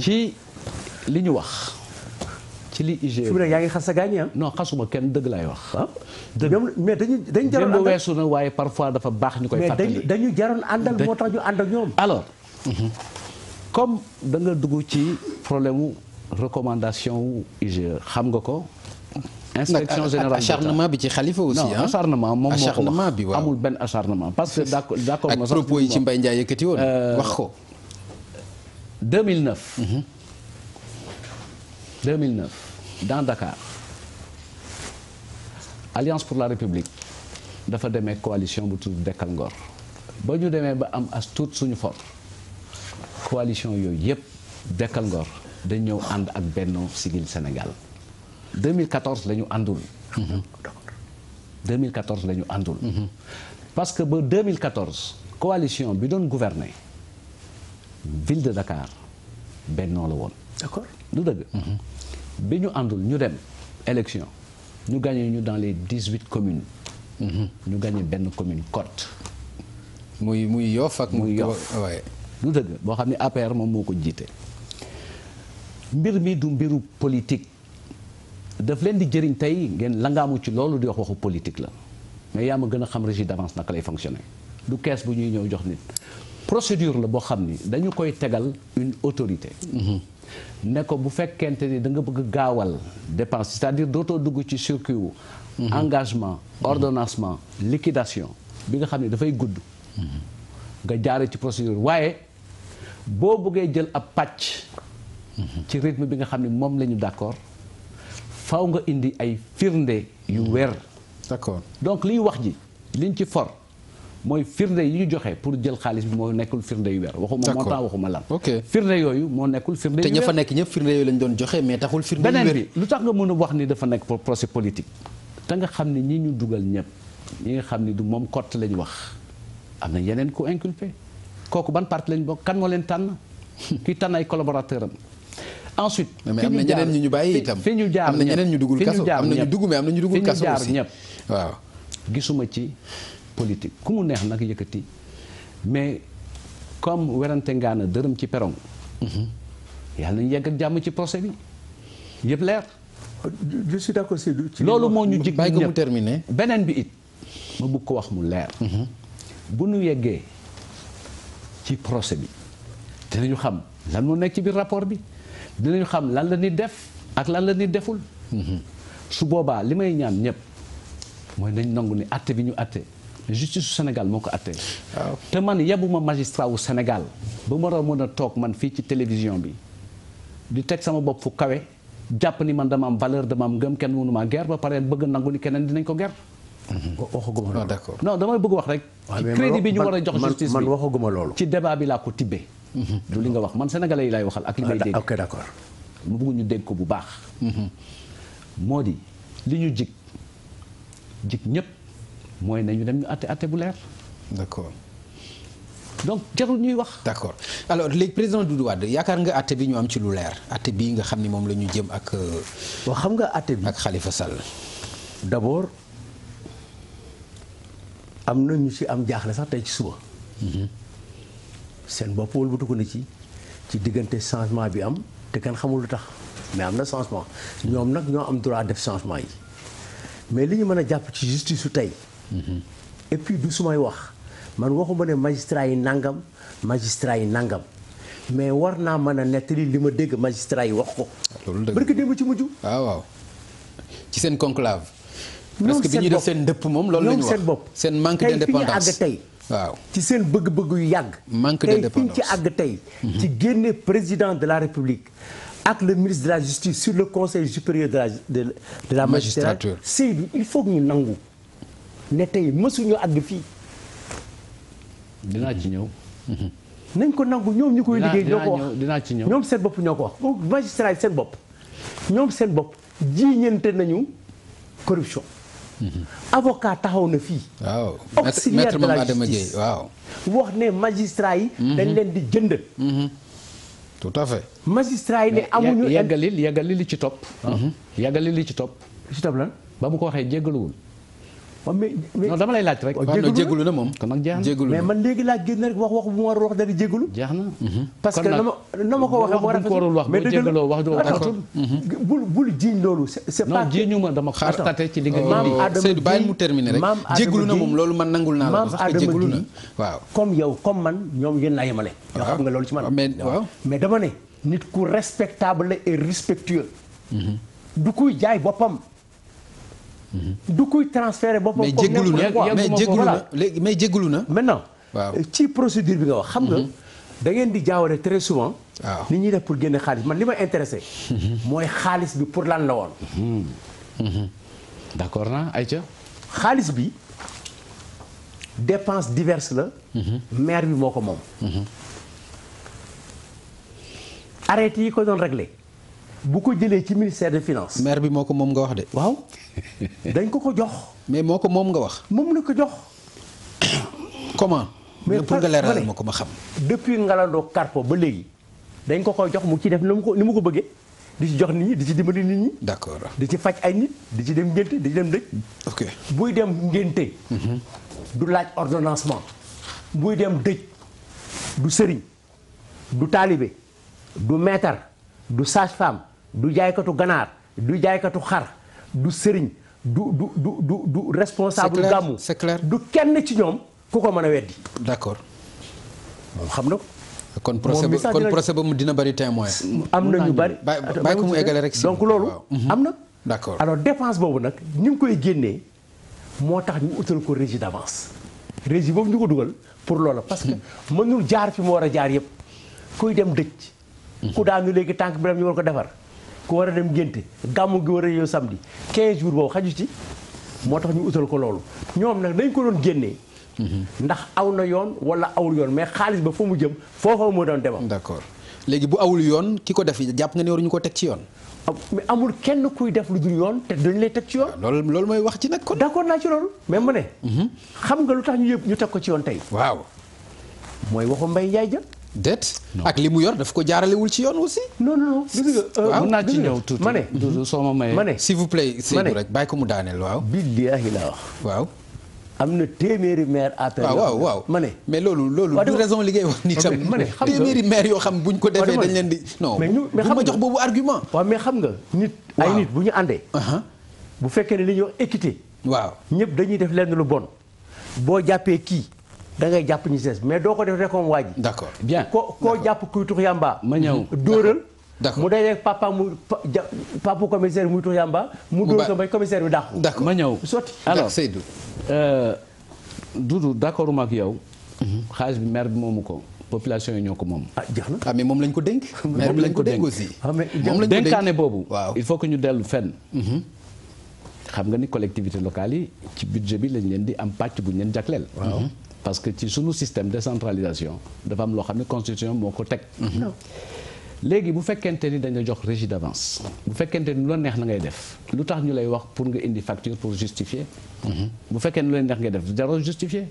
ci li ñu wax. ci li IGE yaa ngi xas sa gaañ ah. non xasuma kenn dëgg laay wax. Ah. dëgg mais dañu dañu jaroon àndal weesu na waaye parfois dafa baax ñu koy. fàttali mais dañu jaroon àndal moo tax ñu ànd ak ñoom. alors mhm. comme da nga dugg ci problème mu recommandation wu IGE xam nga ko. inspection générale acharnement bi ci xalifa aussi ah acharnement moom moo ko wax amul benn acharnement parce que d'accord d'accord ak propos yi ci Mbaye Ndiaye yëkkati woon euh, wax ko 2009 2009 dans Dakar Alliance pour la République dafa deme coalition bu tudd Dekkal Ngor ba ñu demee ba am as tuut suñu for coalition yooyu yëpp Dekkal Ngor dañ ñëw ànd ak Benno Siggil Sénégal 2014 la ñu àndul 2014 la ñu àndul parce que ba 2014 coalition bi doon gouverner ville de Dakar Benno la woon bi ñu àndul ñu dem élection ñu gagné ñu dans les dix huit communes. Mhm. ñu gagné benn commune cote. muy muy Yoff ak muy Yoff waaye. dëgg boo xam ne APR moom moo ko jiite. mbir mi du mbiru politique daf leen di jëriñ tey ngeen langaamu ci loolu di wax waxu politique la mais yaa ma gën a xam régime d'avance naka lay fonctionner du kees bu ñuy ñëw jox nit procédure la boo xam ni dañu koy tegal une autorité. Mhm. ne ko bu fekkente ni danga bëgg gaawal dépense c'est-à-dire dootoo dugg ci circuit wu mhm. engagement mhm. ordonnancement liquidation bi nga xam ne dafay gudd mhm. nga jaare ci procédure waaye boo bëggee jël ab pàcc ci rythme bi nga xam ne moom lañu ñu d'accord faw nga indi ay firnde yu weer d'accord donc liy wax ji liñ ci for mooy firnde yi ñu joxe pour jël xaalis bi moo nekkul firnde yu weer waxuma montant waxuma lan firnde yooyu moo nekkul firnde yu weer te ña fa nekk ñëpp firnde yooyu lañ doon joxe mais taxul firnde yu weer beneen bi lu tax nga mën a ni dafa nekk pour procès politique te nga xam ne ñi ñu dugal ñëpp ñi nga xam ne du moom kott lañ wax am na yeneen ku inculpé kooku ban parti lañ bokk kan moo leen tànn ki tànn ay collaborateur am ensuite mais am na ñeneen ñu ñu bàyyi itam fi ñu jaar am na ñeneen ñu dugul kaso am na ñu dugg mais am na ñu dugul kaso aussi waaw gisuma ci politique ku mu neex nag yëkkati mais comme werante ngaa na dërëm ci perong mhm. yàlla nañu yegg ak jàmm ci procès bi yëpp leer. je suis ci loolu moo ñu jig bàyyi ko beneen bi it ma bëgg ko wax mu leer. Mhm. bu ñu yeggee ci procès bi dinañu xam lan moo nekk ci biir rapport bi dinañu xam lan la ñuy def ak lan la ñuy deful. Mhm. su boobaa li may ñaan ñëpp mooy nañ nangu ni àtte bi ñu àtte. justice su Sénégal moo ko atte te man yebuma magistrat wu Sénégal ba ma war a mën a toog man fii ci télévision bi di teg sama bopp fu kawe jàpp ni man dama am valeur dama am ngëm kenn mënu maa ger ba pare bëgg nangu ni keneen dinañ ko ger mm-hmm. waxaguma loolu non ah, d'accord non damay bëgg wax rek. crédit bi ñu war a jox justice bi man waxaguma loolu. ci débat bi laa ko tibbee. Mm-hmm. du li nga wax man sénégalais yi laay waxal ak li may ah, dégg. ok d'accord mu bëgg ñu dégg ko bu baax. Mm-hmm. moo di li ñu jig jig ñëpp. mooy nañu dem ñu atte atte bu leer. d'accord. donc jarul ñuy wax. d'accord alors léegi président Doudou Wade yaakaar nga àtte bi ñu am ci lu leer àtte bii nga xam ni moom la ñu jëm ak. Euh, waaw xam nga àtte bi ak Khalifa Sall. d'abord am na ñu ci am jaaxle sax tey ci suba. Mhm. seen bopp wëlbatu ko na ci ci diggante changement bi am te kenn xamul lu tax mais am na changement ñoom nag ñoo am droit def changement yi mais li ñu mën a jàpp ci justice su tey. Mm-hmm. et puis su may wax man waxuma ne magistrat yi nangam magistrat yi nangam mais war naa mën a nettali li ma dégg magistrat yi wax ko. loolu dëgg barki démb ci mujj. waaw ah, waaw ci seen conclave. parce que bi ñuy def seen dëpp moom loolu la ñu seen bopp d'indépendance tey fi ñu àgg tey. waaw ci seen bëgg-bëgg yu yàgg. manque d'indépendance fi ñu ci àgg tey. Mm-hmm. ci génne président de la république. ak le ministre de la justice sur le conseil supérieur de la de la magistrature Seydou il faut que ñu nangu. ne tey mësuñu àgg fii. dinaa ci ñëw. nañ ko nangu ñoom ñu koy liggéey ñoo ko wax dinaa ci ñëw ñoom seen bopp ñoo ko wax donc magistrat yi seen bopp ñoom seen bopp jiiñante nañu corruption. Mhm. avocat taxaw na fii. waaw auxiliaire de waaw. wax ne magistrat yi. Mhm. dañ leen di jënd. Mhm. tout à fait. magistrat yi ne amuñu. yàggali yàggali li ci topp. yàggali li ci topp. lan. ba mu ko waxee jéggaluwul. non dama lay laaj rek. Oh, jégalu na moom kon nag jeex na mais man léegi laaj génn rek wax wax bu a wax dana jégalu. jeex na mhm. que na ko waxee. moo rafetlu wax mais dëgg la wax mhm. bul jiiñ loolu. c'est pas non jiiñu ma dama xaar tate ci li nga indi. Seydou bàyyi mu terminer rek jégalu na moom loolu man nangul naa la. maam Adama na waaw. comme yow comme man ñoom yéen laa yemale. waaw xam nga loolu ci man. mais dama ne nit ku respectable et respectueux. Mhm. du kuy jaay boppam. du kuy transférer boppam. mais jégalu na mais jégalu na léegi mais jégalu na. maintenant ci procédure bi nga wax xam nga. Mhm. da ngeen di jaawale très souvent. waaw ni ñuy def pour génne xaalis man li ma intéressé. Mhm. mooy xaalis bi pour lan la woon. Mhm. d' accord na ca xaalis bi dépense diverse la. maire bi moo ko moom. arrêté yi ko doon réglé. bu ko jëlee ci ministère de finances. maire bi moo ko moom nga wax de. waaw dañ ko ko jox. mais moo ko moom nga wax. moom la ko jox. comment. mais pour nga moo ko ma xam. depuis Ngalandoo Carpo ba léegi dañ ko koy jox mu ci def ni mu ko ni mu ko bëggee di ci jox nit ñi di ci dimbali nit ñi. d'accord di ci faj ay nit di ci dem ngénte di ci dem dëj. ok buy dem ngénte. Mhm. du laaj ordonnancement. buy dem dëj du sëriñ du taalibe du maître. du sage-femme du jaaykatu ganaar du jaaykatu xar du sëriñ du du du du du responsable gàmmu c'est clair du kenn ci ñoom ku ko mën a weddi d'accord moom xam na ko kon procès ba kon procès ba mu dina bari témoin am na ñu bari bàyyi ko mu rek donc loolu mhm. am na d'accord alors dépense boobu nag ñu ngi koy génnee moo tax ñu utal ko régie d'avance régie boobu ñu ko dugal pour loola parce que ma mhm. mënul jaar fi mu war a jaar yëpp kuy dem dëj ku daanu léegi tànk bi ñu war ko defar ku war a dem ngénte gàmmu gi war a yow samedi 15 jours boobu xaju ci moo tax ñu utal ko loolu ñoom nag dañ ko doon génnee mhm. ndax aw na yoon wala awul yoon mais xaalis ba fa mu jëm foofa moo doon demam d'accord léegi bu awul yoon ki ko def jàpp nga ne ñu ko teg ci yoon mais amul kenn kuy def lu dul yoon te dañu lay teg ci yoon ah, loolu loolu mooy wax ci nag ko d'accord naa ci loolu mais mu ne mhm. xam nga lu tax ñu yëpp ñu teg ko ci yoon tey waaw mooy waxu Mbaye Ndiaye ja déet ak li mu yor daf ko jaaralewul ci yoon aussi. non non gis nga euh, mën naa ci ñëw tuuti ma ne. soo ma mayee ma ne s'il vous plaît. Seydou rek bàyyi ko mu daaneel waaw. billaahi laa wax. waaw. am na téeméeri maire à peine. waaw waaw ma ne. mais loolu loolu du raison li ngay wax ni tam. ma ne xam nga téeméeri maire yoo xam buñ ko defee dañ leen di. non mais ñu ma jox boobu argument. waaw mais xam nga. nit ay nit bu ñu àndee. Uh-huh. bu fekkee ne li ñuy wax équité. waaw ñëpp dañuy def lenn lu bon. boo jàppee kii. da ngay jàpp ñi sees mais doo ko def rek comme waa ji. d'accord bien ko koo jàpp kuy tux yàmba. ma ñëw dóoral. d'accord mu dajeeg papa mu papa commissaire muy tux yàmba. mu dóor ko bi dàqu. d'accord ma ñëw sotti. alors Seydou. Euh, Doudou d'accord ma ak yow. xaalis bi meer bi moomu ko. population yi ñoo ko moom. ah jeex na ah, moom lañ ko dénk. lañ ko dénk aussi. Ah, moom lañ ko dénk dénkaane boobu. waaw il faut que ñu dellu fenn. Mhm. xam nga ni collectivité locale yi ci budget bi lañ leen di am pàcc bu ñu leen jagleel. waaw mhm. parce que ci sunu système décentralisation dafa am loo xam ne constitution moo ko teg. Mm-hmm. léegi bu fekkente ni dañu jox régie d'avance bu fekkente ni lu la neex na ngay def lu tax ñu lay wax pour nga indi facture pour justifier. Mm-hmm. bu fekkee ne lu la neex ngay def jarul justifier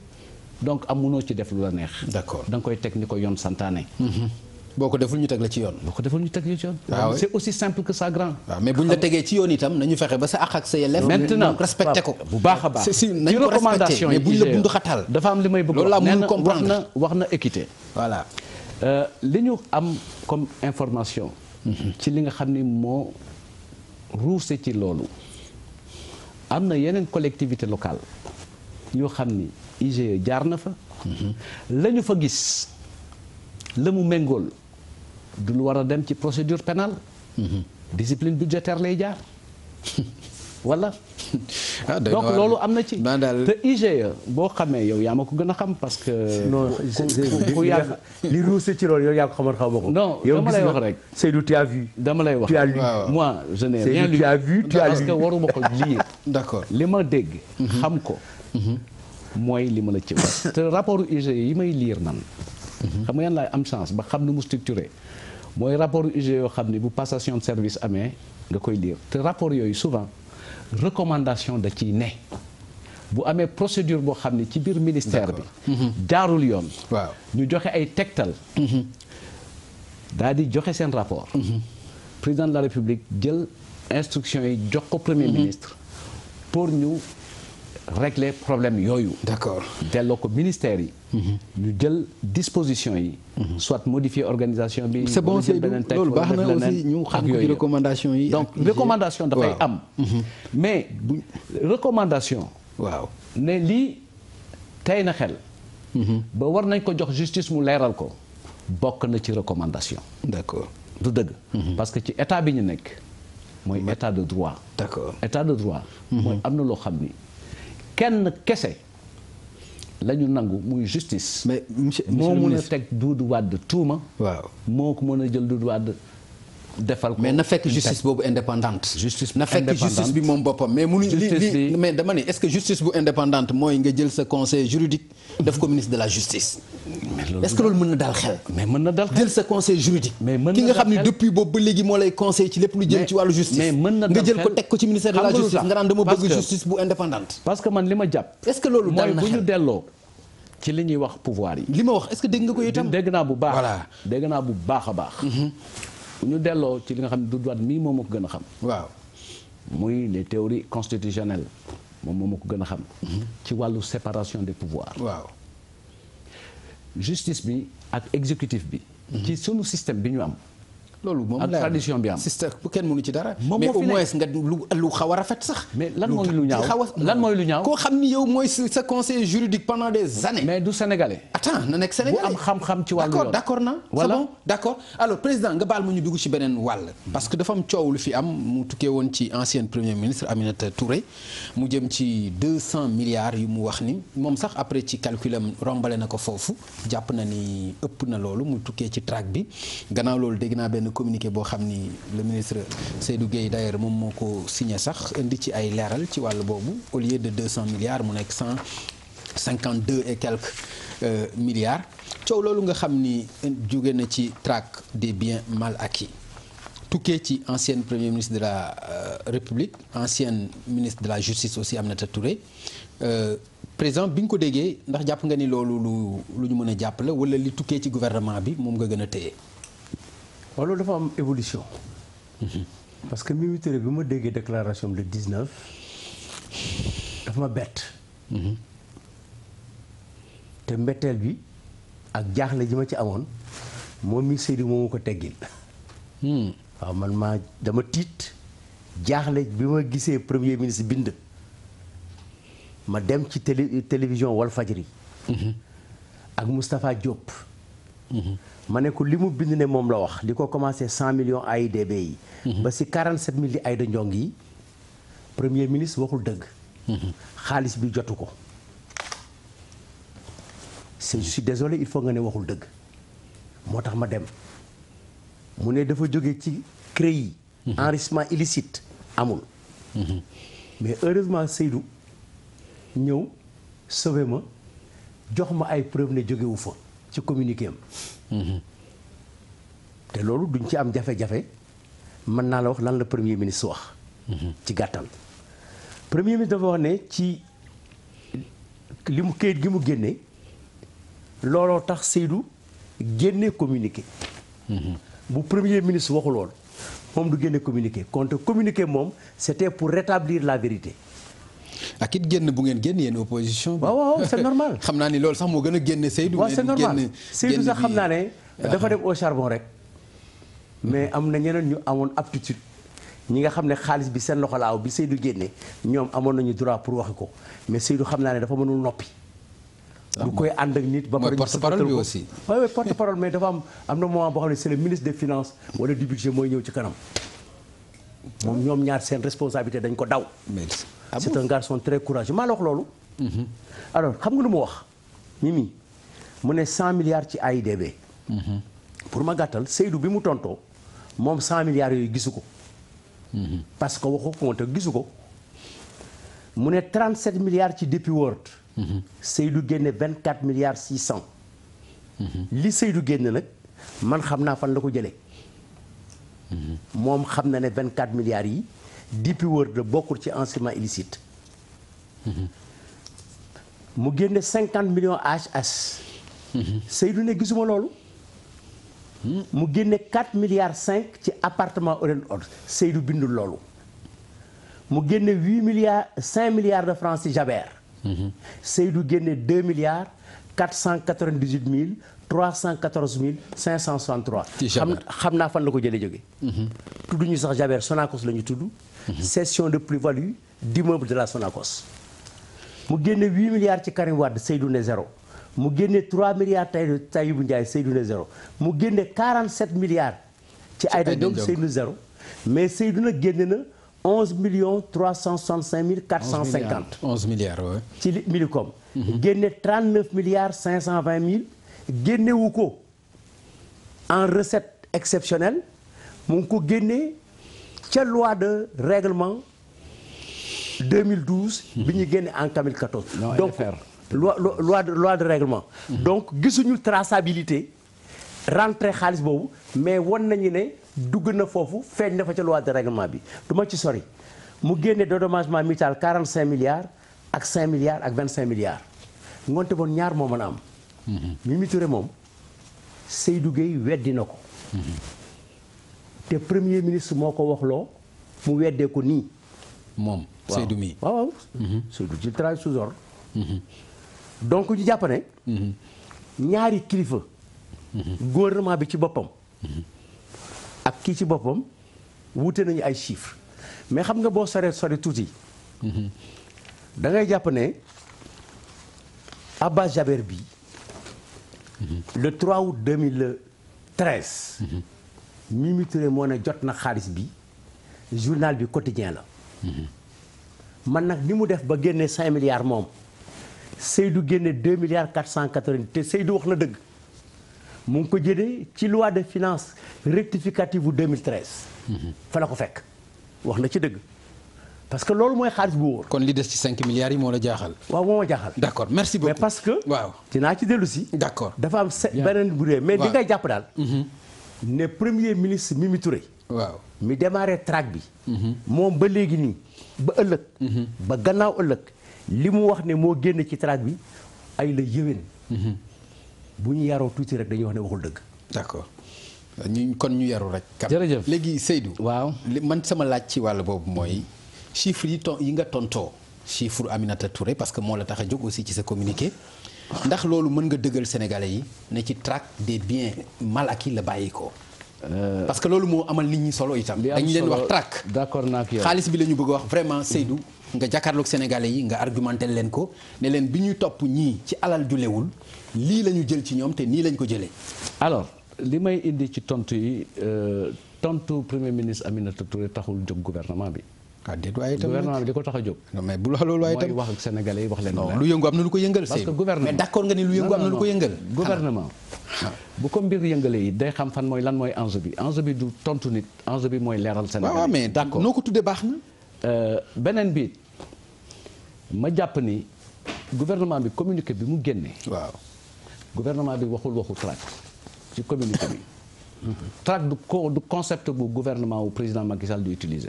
donc amunoo ci def lu la neex. d'accord da nga koy teg ni ko yoon santaane. Mm-hmm. boo ko deful ñu teg la ci yoon. boo ko deful ñu teg la ci yoon. waaw ah c'est aussi simple que ça grand. waaw ah, mais bu ñu la tegee ci yoon itam nañu fexe ba sa àq ak sa yelleef. maintenant bu baax a baax. si nañu ko respecté mais bu ñu la bundu xatal. dafa am li may bëgg a wax na wax na équité. voilà euh, li ñu am comme information. ci li nga xam ni moo ruuse ci loolu. am na yeneen collectivité local yoo xam ni IGE jaar na fa. Mm-hmm. lañu fa gis la mu méngool. du ñu war a dem ci procédure pénale mhm. discipline budgétaire lay jaar wala ah, donc loolu am na ci te IGE boo xamee yow yaa ma ko gën a xam parce que ku e, e, yàgg li ruuse ci loolu yow yaa ko xamoon xaw ma ko non dama lay wax rek Seydou tu as vu dama lay wax tu as lu moi je n'ai rien lu tu as vu waruma ko lire li ma dégg mhm. xam ko mhm. mooy li ma la ci wax te rapport IGE yi may lire man xam nga yan laay am chance ba xam nu mu structuré mooy rapport UG yoo xam ne bu passation de service amee nga koy lire te rapport yooyu souvent recommandation da ciy ne bu amee procédure boo xam ne ci biir ministère bi mhm. jaarul yoon waaw ñu joxe ay tegtal mhm. daal di joxe seen rapport mhm. président de la république jël instruction yi jox ko premier ministre pour ñu régler problème yooyu. d'accord delloo ko ministère yi. Mhm. ñu jël disposition yi. Mhm. soit modifier organisation bi. c'est bon c'est loolu baax na aussi ñu xam ci recommandation yi. donc recommandation dafay am. Mhm. mais bu recommandation. waaw ne lii tey na xel. ba war nañ ko jox justice mu leeral ko. bokk na ci recommandation. d'accord du dëgg. parce que ci état bi ñu nekk. mooy état de droit. d'accord état de droit. mooy am na loo xam ni. kenn kese la ñu nangu muy justice. mais moo mën a teg Doudou Wade tuuma. waaw moo ko mën a jël Doudou Wade. defal ko mais na fekk justice boobu indépendante. justice na bi moom boppam mais munuñ. li mais dama ne est-ce que justice bu indépendante mooy nga jël sa conseil juridique. def ko ministre de la justice. est-ce que loolu mën na dal xel. jël sa conseil juridique. ki nga xam ne depuis boobu ba léegi moo lay conseil ci lépp lu jëm ci wàllu justice. nga jël dama bëgg justice bu indépendante. parce que man li ma jàpp. est-ce que loolu dal nga ko itam. naa bu baax dégg a baax mhm. ñu delloo ci li nga xam ne Doudou Wade mii moom moo ko gën a xam. waaw muy les théories constitutionnelles moom moom moo ko gën a xam. ci wàllu séparation des pouvoirs. waaw justice bi ak exécutif bi. ci sunu système bi ñu am. loolu moom la tradition bi am sister bu kenn mënu ci dara. moom mais au moins nga lu lu a rafet sax. lan mooy lu ñaaw lan mooy lu ñaaw. koo xam ni yow mooy sa conseiller juridique pendant des années. mais du sénégalais. attends na nekk sénégalais bu na. voilà bon d' accord président nga baal ma ñu dugg ci beneen wàll. parce que dafa am coow lu fi am mu tukkee woon ci ancienne premier ministre Aminata Touré mu jëm ci deux cent milliards yi mu wax ni moom sax après ci calculam rombale na ko foofu jàpp na ni ëpp na loolu mu tukkee ci track bi gannaaw loolu dégg naa benn communiqué boo xam ni le ministre Seydou Guèye d'ailleurs moom moo ko signé sax indi ci ay leeral ci wàll boobu au lieu de deux cent milliards mu nekk cent cinquante deux et quelques euh, milliards coow loolu nga xam ni jóge na ci traque des biens mal acquis tukkee ci ancienne premier ministre de la euh, république ancienne ministre de la justice aussi Aminata Touré euh, président bi nga ko déggee ndax jàpp nga ni loolu lu lu ñu mën a jàpp la wala li tukkee ci gouvernement bi moom nga gën a téye. waaw dafa am évolution. Mhm. parce que Mimi bi ma déggee déclaration le 19 dafa ma bett. Mhm. te mbetteel bi ak jaaxle ji ma ci amoon moom mi Seydou moomu ko teggil. Hmm. waaw man maa dama tiit jaaxle bi ma gisee premier ministre bind. ma dem ci télé télévision Walfadjri. Mhm. ak Moustapha Diop. ma ne ko li mu bind ne moom la wax li ko commencé cent millions AIDB yi. Mhm. ba si quarante sept mille Aïda Ndiongue yi premier ministre waxul dëgg. Mhm. xaalis bi jotu ko. c'est je suis il faut nga ne waxul dëgg moo tax ma dem mu ne dafa jóge ci CREI mhm. enrichissement illicite amul mais heureusement Seydou ñëw sauvé ma jox ma ay preuve ne jógewu fa ci communiqué Mhm. te loolu duñ ci am jafe-jafe mën naa la wax lan la premier ministre wax. Mhm. ci gàttan premier ministre dafa wax ne ci li mu këyit gi mu génne looloo tax Seydou génne communiqué. Mhm. bu premier ministre waxul lool moom du génne communiqué compte communiqué moom c'était pour rétablir la vérité. ak it génn bu ngeen génn yéen opposition. waaw waaw c'est normal. xam naa ni loolu sax moo gën a génne Seydou. waaw c'est normal Seydou sax xam naa ne ah. dafa dem au charbon rek. mais am na ñeneen ñu amoon aptitude. ñi nga xam ne xaalis bi seen loxo laaw bi du génne ñoom amoon nañu droit pour wax ko mais Seydou xam naa ne dafa mënul noppi. Ah, du koy ànd ak nit ba pare porte parole aussi. waaw waaw porte mais dafa am am na moment boo xam ne c'est le ministre des finances wala du budget mooy ñëw ci kanam moom ñoom ñaar seen responsabilité dañ ko daw. Ah c'est un garçon très courageux maa la wax loolu. Mm-hmm. alors xam nga lu mu wax. Mimi mu ne cent milliards ci AIBD. Mm-hmm. pour ma gàttal Seydou bi mu tontoo moom cent milliards yooyu gisu ko. Mm-hmm. parce que waxu ko woon te gisu ko. mu ne 37 milliards ci DP World. Seydou génne 24 milliards 600. li Seydou génne nag man xam naa fan la ko jëlee. moom xam na ne 24 milliards yi. DP World bokkul ci enseignement illicite mu génne cinquante millions HH. Seydou ne gisuma loolu. mu génne quatre milliards cinq ci appartement Oren Od Seydou bindul loolu. mu génne huit milliards cinq milliards de francs ci Jaber. Seydou génne deux milliards quatre cent quatre vingt dix huit mille trois cent quatorze mille cinq cent xam naa fan la ko jëlee jóge mhm. tudduñu sax Jaber Sonacos la ñu tudd. Mhm. cession de plus-value d'immeuble de la Sonacos mu génne 8 milliards ci Karim Wade Seydou ne zéro mu génne 3 milliards tay Taïbu Ndiaye Seydou ne zéro mu génne 47 milliards ci Aïda Diop Seydou ne zéro mais Seydou na génne na 11 millions 365 mille 450 11 milliards ouais. ci li Millicom mhm. génne 39 milliards 520 mille génnewu ko en recette exceptionnelle mu ngi ko génne ca loi de règlement 2012. bi ñu génnee en 2014. donc loi loi de loi donc gisuñu traçabilité rentrée xaalis boobu mais won nañu ne dugg na foofu feeñ na fa ca loi de règlement bi duma ci sori mu génne dédommagement mutuel 45 milliards ak 5 milliards ak 25 milliards ngonte bon ñaar moo mën a am. Mhm. Mimi Touré moom Seydou Gueye weddi ko. Mhm. te premier ministre moo ko waxloo mu weddee ko nii. moom Seydou mi waaw waaw mhm. Seydou ci sous ordre. Mhm. donc ñu jàpp mhm. ñaari kilifa. gouvernement bi ci boppam. ak kii ci boppam wuute nañu ay chiffres mais xam nga boo soree sori tuuti. da ngay jàpp ne Abba Jaber bi. le 3 août 2013. Mimi Touré moo ne jot na xaalis bi journal bi quotidien la. man nag ni mu def ba génne 5 milliards moom Seydou génne cent milliards 480 te Seydou wax na dëgg mu ngi ko jëlee ci loi de finances rectificative bu 2013. fa la ko fekk wax na ci dëgg. parce que loolu mooy xaalis bu wóor. kon li des ci 5 milliards yi moo la jaaxal. waaw moo ma jaaxal. d' accord merci beaucoup mais parce que. waaw dinaa ci dellu si. d' dafa am beneen bu dee mais di ngay jàpp daal. Mhm. ne premier ministre Mimi Touré. waaw mi démarré track bi. Mhm. moom ba léegi nii ba ëllëg. Mhm. ba gannaaw ëllëg li mu wax ne moo génn ci track bi ay la yéwén. Mhm. bu ñu yaroo tuuti rek dañuy wax ne waxul dëgg. d'accord ñu kon ñu yaru rek. jërëjëf léegi Seydou. waaw man sama laaj ci wàll boobu mooy chiffres yi ton yi nga tontoo. chiffre Aminata Touré parce que moo la tax a jóg aussi ci sa communiqué. ndax loolu mën nga dëggal sénégalais yi ne ci traque des biens mal acquis la bàyyi ko. Euh, parce que loolu moo amal nit ñi solo itam. dañu leen wax traque d'accord naa ak yow xaalis bi la ñu bëgg a wax vraiment Seydou. nga jàkkarlook sénégalais yi nga argumenté leen ko ne leen bi ñuy topp ñii ci alal julewul lii la ñu jël ci ñoom te nii lañ ko jëlee. alors li may indi ci tontu yi euh, tontu premier ministre Aminata Touré taxul jóg gouvernement bi. ah déet waaye itam gouvernement bi di ko tax a jóg. non mais bu loolu waaye itam mooy wax ak sénégalais yi wax leen. non lu yëngu am na lu ko yëngal. parce que gouvernement mais d'accord nga ni lu yëngu am na lu ko yëngal. gouvernement ah. yëngalee day xam fan mooy lan mooy enjeu bi enjeu bi du tontu bi mooy leeral. sénégalais waaw mais d'accord noo ko tuddee baax na. Euh, beneen bi ma jàpp ni gouvernement bi communiqué bi mu génnee waaw bi waxul waxu tract ci communiqué bi. tract du co du concept bu gouvernement wu président Macky du di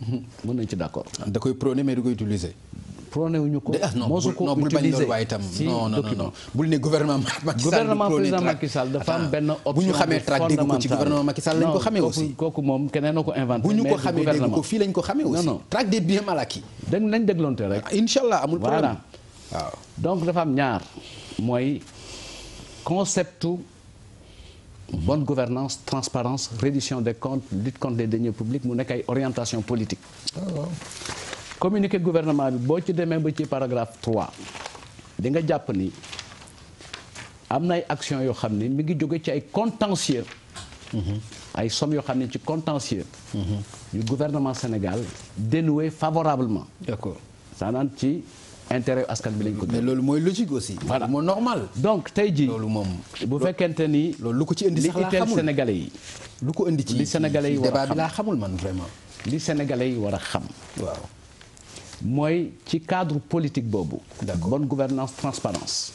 mën nañ ci d'accord. da koy prôné mais du koy utiliser. prôné wuñu ko. Eh, mosu ko utiliser si non non non bul ne gouvernement Macky Sall gouvernement président dafa am benn option bu ñu xamee track dégg ko ci dañ nañ rek ah, inshallah amul problème donc dafa am ñaar mooy conceptu bonne gouvernance transparence reddition des comptes lutte contre les deniers publics mu nekk ay orientation politique communiqué gouvernement bi boo ci demee ba ci paragraphe 3 di nga jàpp ni am na ay action yoo xam ne mi ngi jóge ci ay contentieux ay somme yoo xam ne ci contentieux mhm. yu gouvernement Sénégal dénoué favorablement d'accord ci intérêt askan bi lañ ko. mais loolu mooy logique aussi. voilà moo normal. donc tey jii loolu moom. bu fekkente ni. loolu lu ko ci indi sax laa xamul li sénégalais yi. lu ko indi ci li sénégalais yi war a xam xamul man vraiment. li sénégalais yi war a xam. waaw mooy ci cadre politique boobu. d'accord bonne gouvernance transparence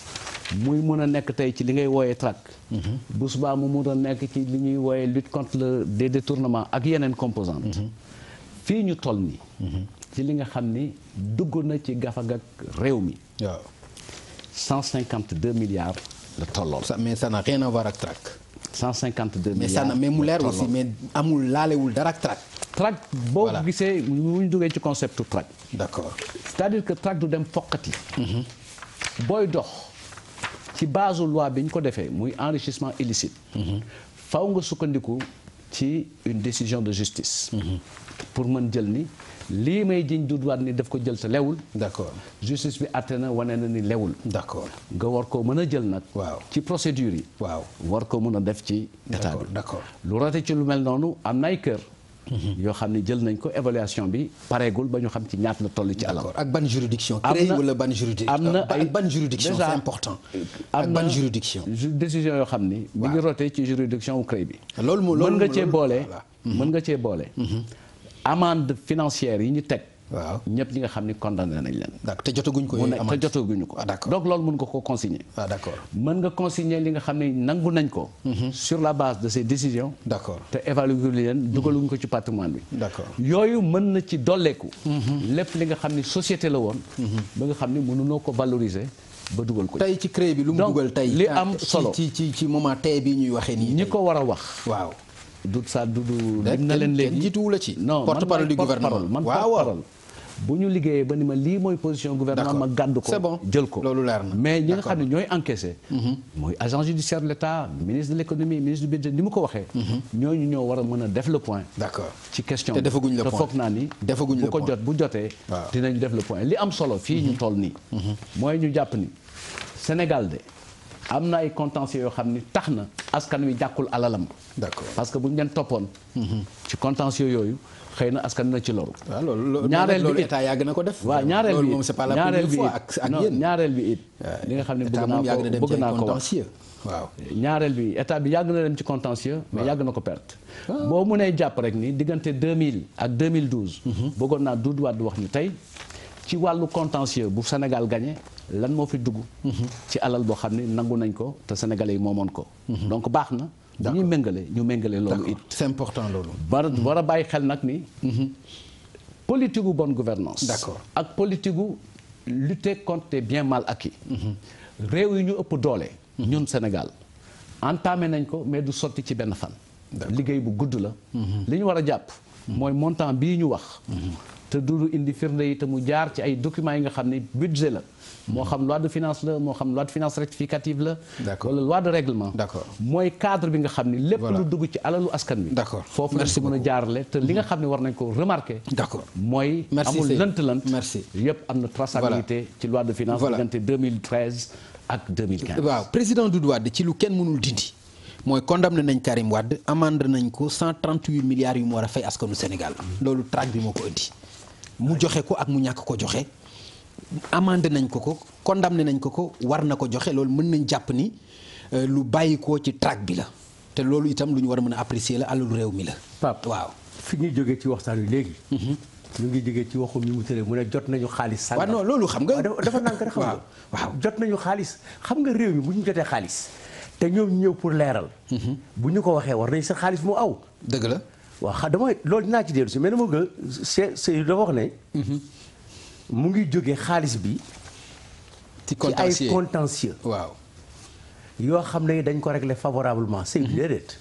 muy mën a nekk tey ci li ngay wooyee trac. Mhm. bu subaa mu mën a nekk ci li ñuy wooyee lutte contre le des ak yeneen composantes. Mhm. fii ñu toll nii. Mhm. ci li nga xam ni dugg na ci gafagak réew mi. waaw cinquante deux milliards la tolloon. mais ça n'a rien à voir ak trac. cent cinquante deux milliards mais mu leer aussi mais amul laalewul dara ak trac. trac boo gisee bu ñu duggee ci concept trac. d'accord c'est-à-dire que trac du dem foqati. Mhm. booy dox ci base loi bi ñu ko defee muy enrichissement illicite. Mhm. faw nga sukkandiku ci une décision de justice. Mhm. pour mën jël ni. lii may jiñ dudwaat ni daf ko jël sa lewul d'accord justice bi àtte na wane na ni lewul d'accord nga war koo mën a jël nag waaw ci procédure yi waaw war koo mën a def ci état bi lu rate ci lu mel noonu am nay kër mhm. yoo xam ne jël nañ ko évaluation bi pareegul ba ñu xam ci ñaat la toll ci alal. ak ban juridiction. CREI wala ban juridiction am na euh, ay ban juridiction c'est important. ak ban juridiction décision yoo xam ni. mi ngi rote ci juridiction wu CREI bi. loolu moo loolu mën nga cee boole. Mhm. mën nga cee boole. Mhm. amende financière yi ñu teg. waaw ñëpp ñi nga xam ni condamné nañ leen. d'accord te jotaguñ ko te jotaguñ ko. Ah, d'accord donc loolu mën nga ko consigner. ah d'accord mën nga consigner li nga xam ne nangu nañ ko. Mhm. sur la base de ces décisions. d'accord te évaluer leen. Mhm. dugaluñ ko ci patrimoine bi. d'accord yooyu mën na ci dolleeku. Mhm. lépp li nga xam ni société la woon. ba nga xam ni mënunoo ko valoriser. ba dugal ko tey ci créé bi lu mu dugal tey. li am solo ci ci ci moment tey bi ñuy waxee nii. ñi ko war a wax. waaw du sa du du. lim na leen léegi kenn jiituwu la ci. porte parole du gouvernement man porte parole. bu ñu liggéeyee ba ni ma lii mooy position gouvernement ma gàddu ko jël ko mais ñi nga xam ne ñooy encaissé mhm. mooy agent judiciaire de l'État ministre de l'économie ministre du budget ni mu ko waxee mhm. ñooñu ñoo war a mën a def le point d'accord te defaguñ le point bu ko jot bu jotee dinañ def le point li am solo fii ñu mhm. toll nii mooy ñu jàpp ni Sénégal de am na ay contentieux yoo xam ni tax na askan wi jàkkul alalam. d'accord parce que bu ñu leen toppoon. Mhm. ci contentieux yooyu xëy na askan na ci loru. Ah, ñaareel bi it na ko def. waaw ñaareel bi ñaareel bi it ah, li nga xam ne bëgg naa ko bëgg naa ko wax. waaw ñaareel bi état bi yàgg na dem ci contentieux mais yàgg na ko perte ah. boo mënee jàpp rek ni diggante 2000 ak 2012 mhm. bëggoon naa Doudou Wade wax ñu tey ci wàllu contentieux bu Sénégal gagné lan moo fi dugg. Mhm. ci alal boo xam ne nangu nañ ko te sénégalais yi moon ko. Mhm. donc baax na. bu ñuy méngale ñu méngale loolu it. c'est loolu. war mhm. a a bàyyi xel nag ni. politique gu bonne gouvernance ak politique gu lutter contre bien biens ak acquis. réew yi ñu ëpp doole. ñun Sénégal entamé nañ ko mais du sotti ci benn fan. liggéey bu gudd la. li ñu war a jàpp. mooy montant bii ñu wax. te duudu indi firnde yi te mu jaar ci ay document yi nga xam ne budget la moo xam loi de finance la moo xam loi de finance rectificative la wala loi de règlement mooy cadre bi nga xam ne lépp lu dugg ci alalu askan bi foofu lañ si mën a jaarale te li nga mhm. xam ne war nañ ko remarquer mooy amul lënt-lënt yépp am na traçabilité ci loi de finance diggante 2013 ak 2015 waaw président Doudou Wade ci lu kenn mënul dindi mooy condamné nañ Karim Wade amande nañ ko 138 milliards yu mu war a fay askanu Sénégal mhm. loolu traque bi moo ko indi mu joxe ko ak mu ñàkk ko joxe amande nañ ko ko ne nañ ko ko war na ko joxe loolu mën nañ jàpp ni euh, lu bàyyi ko ci traque bi la te loolu itam lu ñu war a mën a apprécier la alalu réew mi la. Pape waaw fi ñuy jógee ci waxtaan wi léegi. Mhm. ñu ngi jógee ci wax yi mu tëree mu jot nañu xaalis. sànq non loolu xam nga. dafa nànk rek xam nga waaw jot nañu xaalis xam nga réew mi bu ñu jotee xaalis. te ñoom ñëw pour leeral. Mhm. bu ñu ko waxee war nañ sa xaalis mu aw. dëgg la waa xa damay loolu dinaa ci dellu si mais dama gën se c'est dafa wax ne. Mhm. mu ngi jóge xaalis bi. ci ay contentieux waaw. yoo xam ne dañ ko régler favorablement mhm. Seydou déedéet.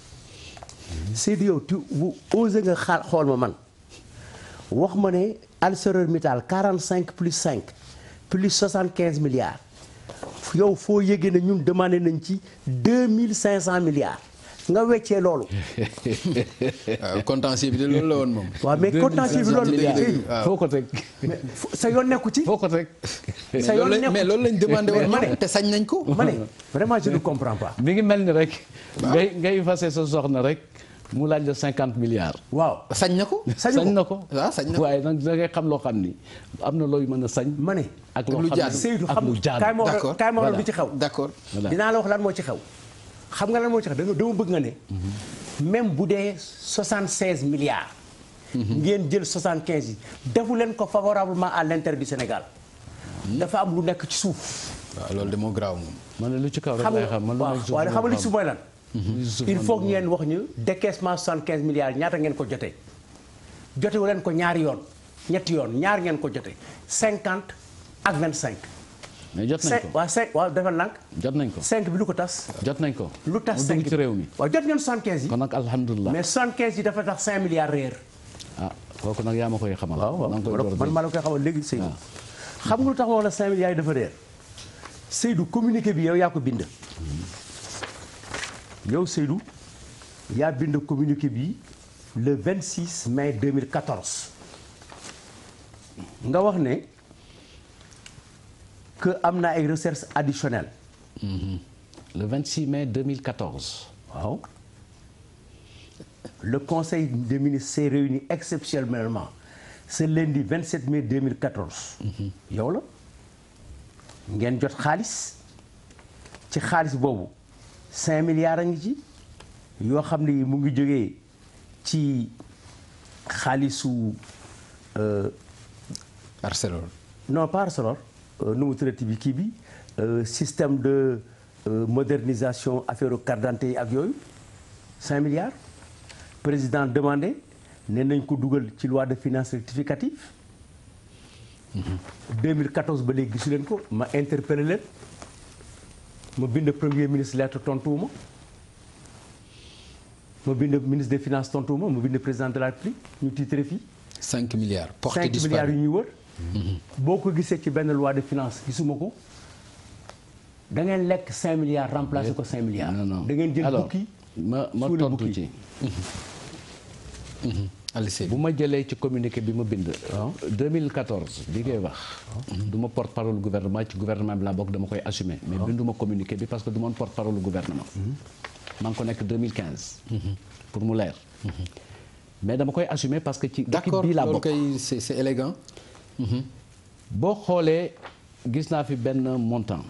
Seydou yow bu osé nga xaal xool ma man wax ma ne quarante cinq plus 5 plus quinze milliards yow foo yëgee ne ñun demandé nañ ci 2500 milliards. nga weccee loolu. Ah, contentieux bi de loolu la woon moom. waaw mais contentieux bi loolu foo ko teg sa yoon nekku ci. foo ko teg sa yoon nekku loolu lañ demandé woon ma te sañ nañ ko. ma ne vraiment je ne comprends pas. mi ngi mel ni rek. ngay ngay fase sa soxna rek. mu laaj la cinquante milliards. waaw sañ na ko. sañ na ko waa ah, sañ na ko waaye nag da ngay xam loo xam ni am na looy mën a sañ. ma ne ak lu jaadu ak lu jaadu. d'accord kaay ma wax kaay ma wax lu ci xew. d'accord dinaa la wax lan moo ci xew. xam nga lan moo ci xam dama bëgg nga ne. même bu dee 76 milliards. ngeen jël quinze yi defu leen ko favorablement à l'intérêt du Sénégal. dafa am lu nekk ci suuf. waaw loolu de moo graaw moom. man lu ci kaw rek lay xam man waaw xam nga li ci suuf mooy lan. il faut que ngeen wax ñu décaissement 75 milliards ñaata ngeen ko jotee. jotewu leen ko ñaari yoon ñetti yoon ñaar ngeen ko jotee cinquante ak 25. mais jot nañ ko waaw cinq waaw defal nànk jot nañ ko cinq bi lu ko tas jot nañ ko lu tas cinq ci réew mi waaw jot ngeen soixante-quinze yi kon nag alhamdulilah mais soixante-quinze yi dafa tax cinq milliards réer ah kooku nag yaa ma koy xamal man maa la koy xamal léegi Seydou ah. xam nga lu tax wax la cinq milliards yi dafa réer Seydou communiqué bi yow yaa ko bind mm-hmm. yow Seydou yaa bind communiqué bi le 26 mai 2014 nga wax ne que am na ay recherches additionnelles. Mmh. le 26 mai 2014. waaw le conseil des ministres s'est réuni exceptionnellement ce lundi 27 mai 2014. Mhm. yow la ngeen jot xaalis ci xaalis boobu cinq milliards a ngi ci yoo xam ne mu ngi jógee ci xaalisu. Euh, Arcelor. non pas Arcelor. Euh, nu mu tuddati bi kii bi euh, système de euh, modernisation affaire carte d'identité yi ak yooyu cinq milliards président demande neen nañ ko dugal ci loi de finances rectificative 2014 mhm. ba léegi gisu leen ko ma interpellé leen ma bind premier ministre lettre tontuwuma ma bind ministre de finances tontuwuma ma bind président de la République ñu titré fii. 5 milliards porté milliards yu ñuy wër. boo ko gisee ci benn loi de finance gisuma ko da ngeen lekk cinq milliards remplacé ko cinq milliards. da ngeen jël bukki ma ma tontu ci. Mhm. bu ma jëlee ci communiqué bi ma bind. 2014 ah. bi ngay wax. Mhm. du ma porte parole gouvernement ci gouvernement bi laa bokk dama koy assumer. mais ah. binduma communiqué bi parce que du ma porte parole gouvernement. Mhm. maa ngi ko nekk 2015. pour mu leer. mais dama koy assumer parce que ci. d'accord loolu kay boo xoolee gis naa fi benn montant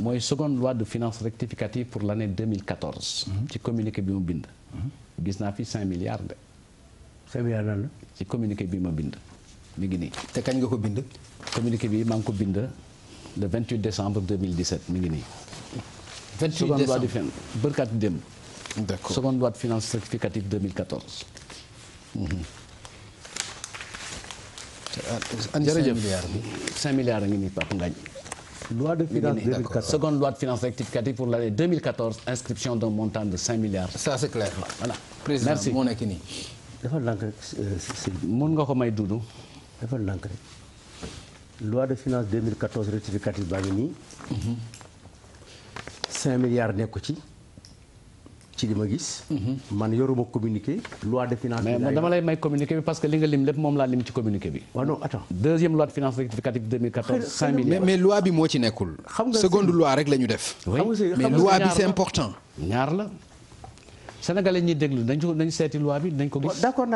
mooy seconde loi de finances rectificative pour l' année 2014. ci communiqué bi mu bind. Mhm. gis naa fi 5 milliards de. la. ci communiqué bi ma bind mi ngi nii. te kañ nga ko bind. communiqué bi maa ngi ko bind le 28 décembre 2017 mi ngi nii. 28 décembre seconde loi de fin bërkaati démb. d' accord de finances rectificative Ah, jërëjëf cinq milliards a ngi nii Pape Ngagne loi de finance 2014 seconde loi de finance rectificative pour l'année 2014 inscription d'un montant de 5 milliards. mën euh, nga ko may dudu dafa lànk rek de finance 2014 rectificative baa ngi nii. 5 mhm. milliards nekku ci. ci li ma gis. Mhm. man yoruma communiqué. loi de finance mais lay moom laa lim ci communiqué bi. waaw non bi moo ci nekkul. seconde loi rek la def. mais loi bi c'est important. ñaar la. Sénégalais ñuy déglu dañ seeti loi bi dañ ko gis. d'accord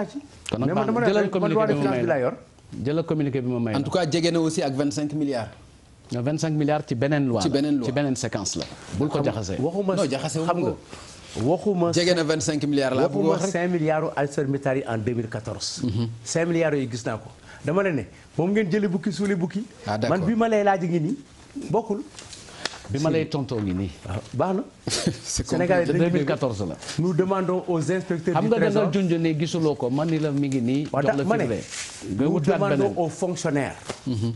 communiqué bi ma may en tout cas jege na aussi ak 25 milliards. milliards ci beneen loi ci beneen séquence la. bul ko jaxase. waxuma xam nga waxuma jege na 25 milliards laa bëgg wax waxuma 5 milliards u ArcelorMittal yi en mhm. naa ko dama la ne moom jëlee bukki suule bukki. Ah, man bi ma lay laaj ngi nii bokkul. ma tontoo ngi nii. Ah, baax na. c'est Sénégal 2014 la. nous demandons aux inspecteurs du trésor xam nga da nga junj ne gisuloo ko man ni la mi ngi nii. jox la firnde nga wutaat beneen nous demandons aux fonctionnaires. Mhm.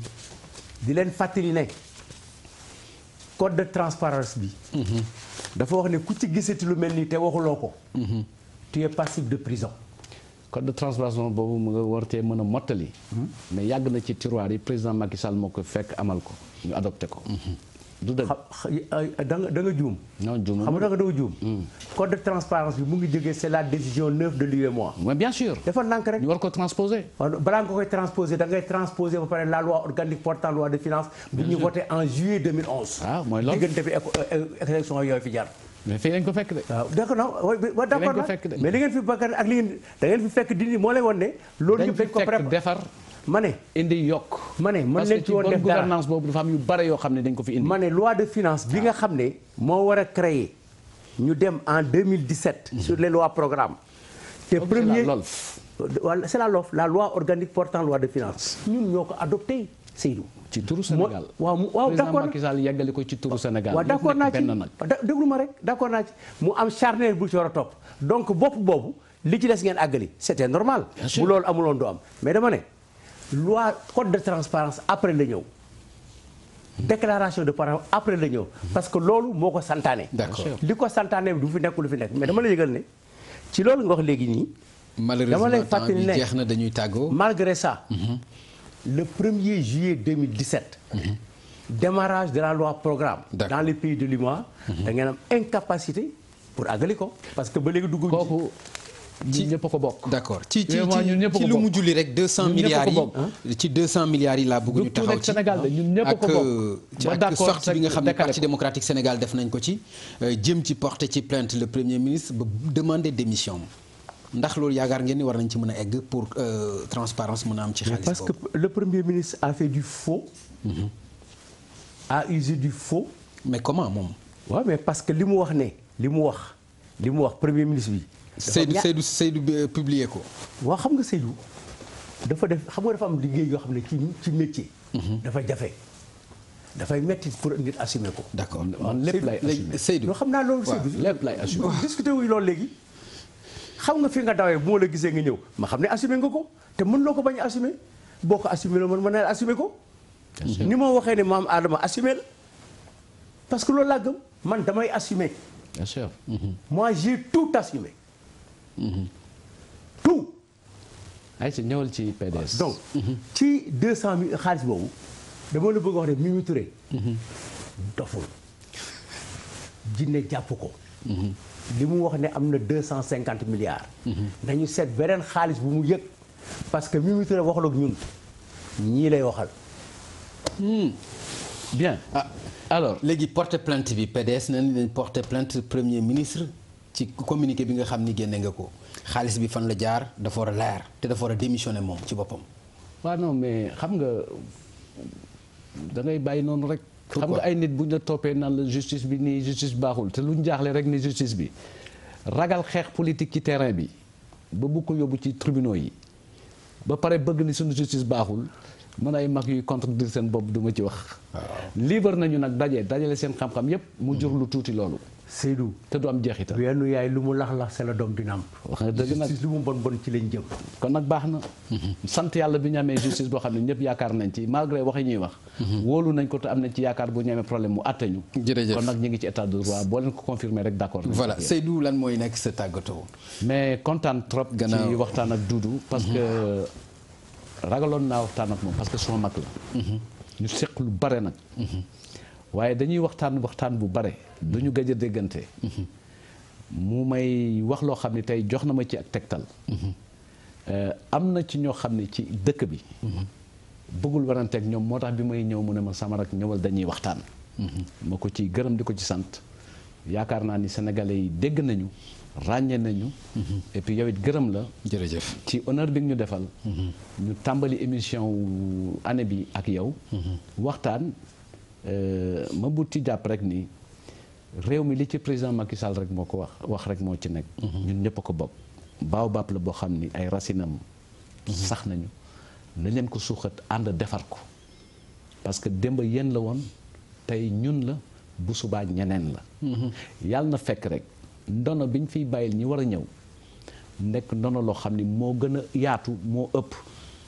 di leen fàttali ne. code de transparence bi dafa wax ne ku ci gisati lu mel nii te waxuloo ko tu es passible de prison code de transparence boobu mu nga wartee mën a mottali hmm? mais yàgg na ci tiroir yi président Macky Sall moo ko fekk amal ko ñu adopté ko du dëgg da nga juum. non juum xam nga da juum. Mm. code de transparence bi mu ngi jógee c' la décision neuve de l'UEMOA. mais bien sûr. dafa nank rek ñu war ko transposer. balaa nga koy transposer da transposer ba pare la loi organique portant loi de finance. bi ñu voté en juillet 2011. ah mooy loolu bi élection yooyu fi jar. mais fii lañ ko fekk de. waaw d'accord non mais li ngeen fi bakkan ak li ngeen fi fekk dindi moo lay won ne. loolu ñu fi ma ne indi yokk ma ne mën ci woon def dara parce boobu dafa am yu bare yoo xam ne dañ ko fi indi ma ne loi de finance bi nga xam ne moo war a créer ñu dem en 2017 sur les lois programme te premier c'est la LOF la loi organique portant loi de finance ñun ñoo ko adopté Seydou ci turu Sénégal waaw waaw d'accord Macky Sall ko ci turu Sénégal waaw d'accord naa ci déglu ma rek d'accord naa ci mu am charnière bu ci a topp donc bopp boobu li ci des ngeen àggali c'était normal bu loolu amuloon du mais dama ne loi code de transparence après la ñëw déclaration de parrainage après la ñëw parce que loolu moo ko santaane li ko santaane du fi nekk lu fi nekk mais dama la yëgal ne ci loolu nga wax léegi nii dama lay fàttali ne jeex na dañuy tàggoo malgré sa mhm. le premier er juillet 2017 mhm. démarrage de la loi programme dans les pays de l'UEMOA mhm. da ngeen am incapacité pour àggali ko parce que ba léegi dugg kooku ci ñëpp ko bokk. d'accord ci ci ci lu mu julli rek deux cent milliards yi ci deux cent milliards yi laa bëgg ñu taxaw ci ak euh, sortie bi nga xam ne parti démocratique Sénégal def nañ ko ci. Euh, jëm ci porter ci plainte le premier ministre ba demander démission ndax loolu yaakaar ngeen ni war nañ ci mën a egg pour euh, transparence mën a am ci xaalis parce que le premier ministre a fait du faux. Mhm. a usé du faux. mais comment moom. waaw mais parce que li mu wax ne li mu wax li mu wax premier ministre bi. Seydou Seydou Seydou publier ko. waa xam nga Seydou dafa def xam nga dafa am liggéey yoo xam ne ci ci métier. Mhm. dafa jafe. dafay metti pour nit assumé ko. d'accord man lépp lay assumer Seydou xam naa loolu Seydou lépp lay assumer loolu léegi. xam nga fi nga dawee bu ma la gisee nga ñëw ma xam ne assumer nga ko te mën loo ko bañ assumé boo ko assumer la man mën naa assumer ko. ni moo waxee ne maam Adama assumer la parce que loolu laa gëm man damay assumer. bien sûr. Mhm. moi j'ai tout tout. ay si ñëwal ci PDS. donc ci deux cent mille xaalis boobu dama la bëgg wax rek Mimi Touré. doful jinne jàpp ko. li mu wax ne am na deux cent cinquante milliards. nañu seet beneen xaalis bu mu yëg parce que Mimi Touré waxul ak ñun ñii lay waxal. Hmm. bien. ah léegi porte plainte bi PDS nañ leen porte plainte premier ministre. ci communiqué bi nga xam ni génnee nga ko xaalis bi fan la jaar dafa war a leer te dafa war a démissionné moom ci boppam. waa non mais xam nga da bàyyi noonu rek. xam nga ay nit bu ñu la toppee naan la justice bi nii justice baaxul te lu ñu jaaxle rek ni justice bi ragal xeex politique ci terrain bi ba bu ko yóbbu ci tribunaux yi ba pare bëgg ni suñu justice baaxul. mën ay mag yuy contredire seen bopp duma ci wax. libre nañu nag daje dajale seen xam-xam mu jur tuuti loolu. Seydou te du am jeexital. weenu yaay lu mu lax-lax sa la doom dina am. wax nga dëgg nag justice lu mu bon bon ci lañ jëm. kon nag baax na. sant yàlla bi ñu amee justice boo xam ne ñëpp yaakaar nañ ci malgré wax yi ñuy wax. wóolu nañ ko te am nañ ci yaakaar bu ñu amee problème mu àtte ñu. jërëjëf kon nag ñu ngi ci état de droit boo leen ko confirmer rek d' accord. voilà Seydou lan mooy nekk sa mais kontaan trop. gannaaw ci waxtaan ak Doudou. parce que ragaloon naa waxtaan ak moom parce que suma mag la. Mhm. ñu seq lu bare nag. Mhm. waaye dañuy waxtaan waxtaan bu bare duñu gëj a déggante mu may wax loo xam ne tey jox na ma ci ak tegtal eh, am na ci ñoo xam ne ci dëkk bi bëggul warante ak ñoom moo tax bi may ñëw mu ne ma sama rak ñëwal dañuy waxtaan ma ko ci gërëm di ko ci sant yaakaar naa ni sénégalais yi dégg nañu ràññee nañu et puis yow gërëm la jërëjëf ci honneur bi ñu defal mhm. ñu tàmbali émission wu année bi ak yow mhm. waxtaan Euh, ma bu ci jàpp rek nii réew mi li ci président Macky Sall rek moo ko wax wax rek moo ci nekk. Mhm. ñun ñëpp ko bopp bokk. baobab la boo xam ni ay rasinam mhm. sax nañu. nañ leen ko suuxat ànd defar ko parce que démb yéen la woon tey ñun la bu subaa ñeneen la. Mhm. yàlla na fekk rek ndono biñ fiy bàyyil ñi war a ñëw nekk ndono loo xam ni moo gën a yaatu moo ëpp.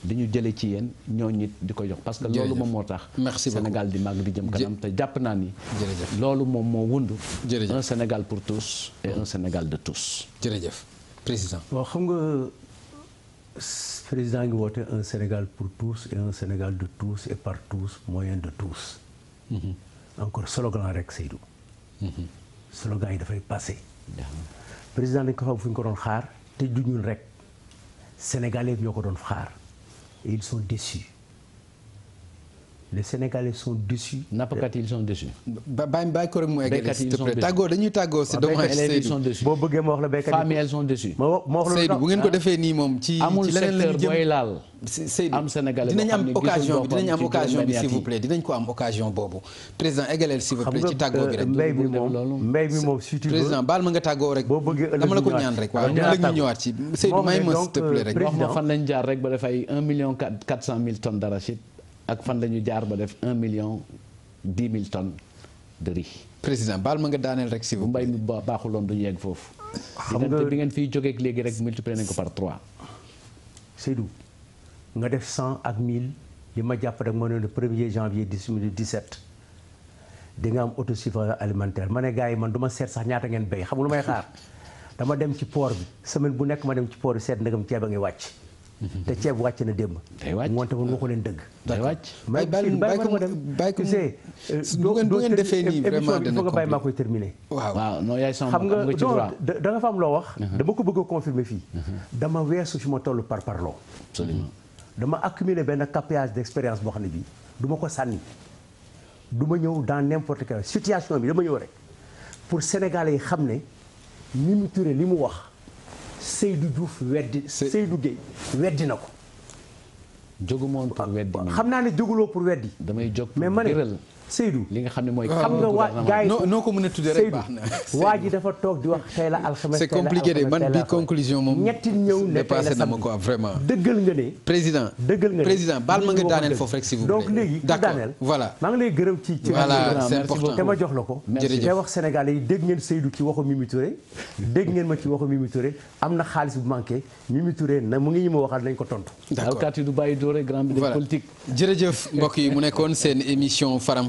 di ñu jëlee ci yéen ñoo it di ko jox parce que loolu moom moo tax Sénégal di màgg di jëm kanam te jàpp naa ni loolu moom moo wund un Sénégal pour tous et un Sénégal de tous jërëjëf président waaw xam nga président ngi woote un Sénégal pour tous et Sénégal de tous et par tous moyen de tous mm-hmm. encore slogan rek Seydou mm-hmm. slogan yi dafay passé président dañ ko xam fu ñu ko doon xaar te du ñun rek sénégalais ñoo ko doon xaar et ils sont déçus. les Sénégalais sont déçus. nappkat ils sont déçus. ba bàyyi bàyyi ko rek mu eggale s'il te plaît tàggoo dañuy tàggoo si dommage Seydou boo bëggee ma wax la béykat yi. am Sénégalais dinañ am am occasion boobu président eggaleel s'il vous euh, président baal ma nga tàggoo rek. boo bëggee la ko ñaan rek waaw may ma s'il rek. wax ma fan lañ jaar rek ba def ay 1 million 400 000 tonnes d'arachide ak fan la ñu jaar ba def un million dix mille ton de riz. président baal ma nga daaneel rek si. bu mbay mi baaxuloon du ñu yegg foofu. xam nga bi ngeen fiy jógeeg léegi rek multiplier nañ ko par trois. nga def cent ak mille li ma jàpp rek moo ne le premier janvier dix dix sept di nga am autosuffisance alimentaire ma ne gaa yi man duma seet sax ñaata ngeen béy xam lu may xaar dama dem ci port bi semaine bu nekk ma dem ci port bi seet ndegam ceeb a ngi wàcc. te ceeb wàcc na démb. day wàcc moom tamit ko leen dëgg. day wàcc bàyyi bàyyi bàyyi ko bàyyi ko mu euh, bu ngeen bu ngeen defee nii vraiment dana ko bàyyi maa koy terminé. waaw waaw non yaay sama xam nga ci da nga fa am loo wax. Mhm. dama ko bëgg a confirmer fii. Mhm. dama weesu fi ma toll par parloo. absolument dama accumuler benn capillage d' expérience boo xam ne bii du ko sànni. du ma ñëw dans n'importe quelle situation bi dama ñëw rek pour sénégalais yi xam ne ni mu turé li mu wax. Seydou Diouf weddi Seydou Gueye weddi na ko. jógu moon pour weddi xam naa ne jóguloo pour weddi. damay jóg pour mais ma Seydou li nga xam ne mooy. xam nga waa gars yi noo ko mën a tuddee rek baax na waa ji dafa toog di wax tey la alxames. c'est compliqué de man bi conclusion moom. ñetti ñëw ne dépassé na ma quoi vraiment. dëggal nga ne. président dëggal nga ne président baal ma nga daaneel foofu rek si vous donc léegi d'accord voilà. maa ngi lay gërëm ci ci. voilà c'est important te ma jox la ko. jërëjëf ci waxu Mimi Touré. ngeen ma ci waxu Mimi Touré am na xaalis bu manqué Mimi Touré na mu ngi ñi ma waxal nañ ko tontu. d'accord alkaati du bàyyi doore grand bi de politique. jërëjëf mbokk yi mu nekkoon seen émission faram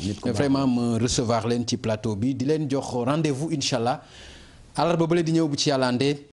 vraiment ma recevoir leen ci plateau bi di leen jox rendez-vous incha allah alarba ba bële di ñëw bu ci yàllaande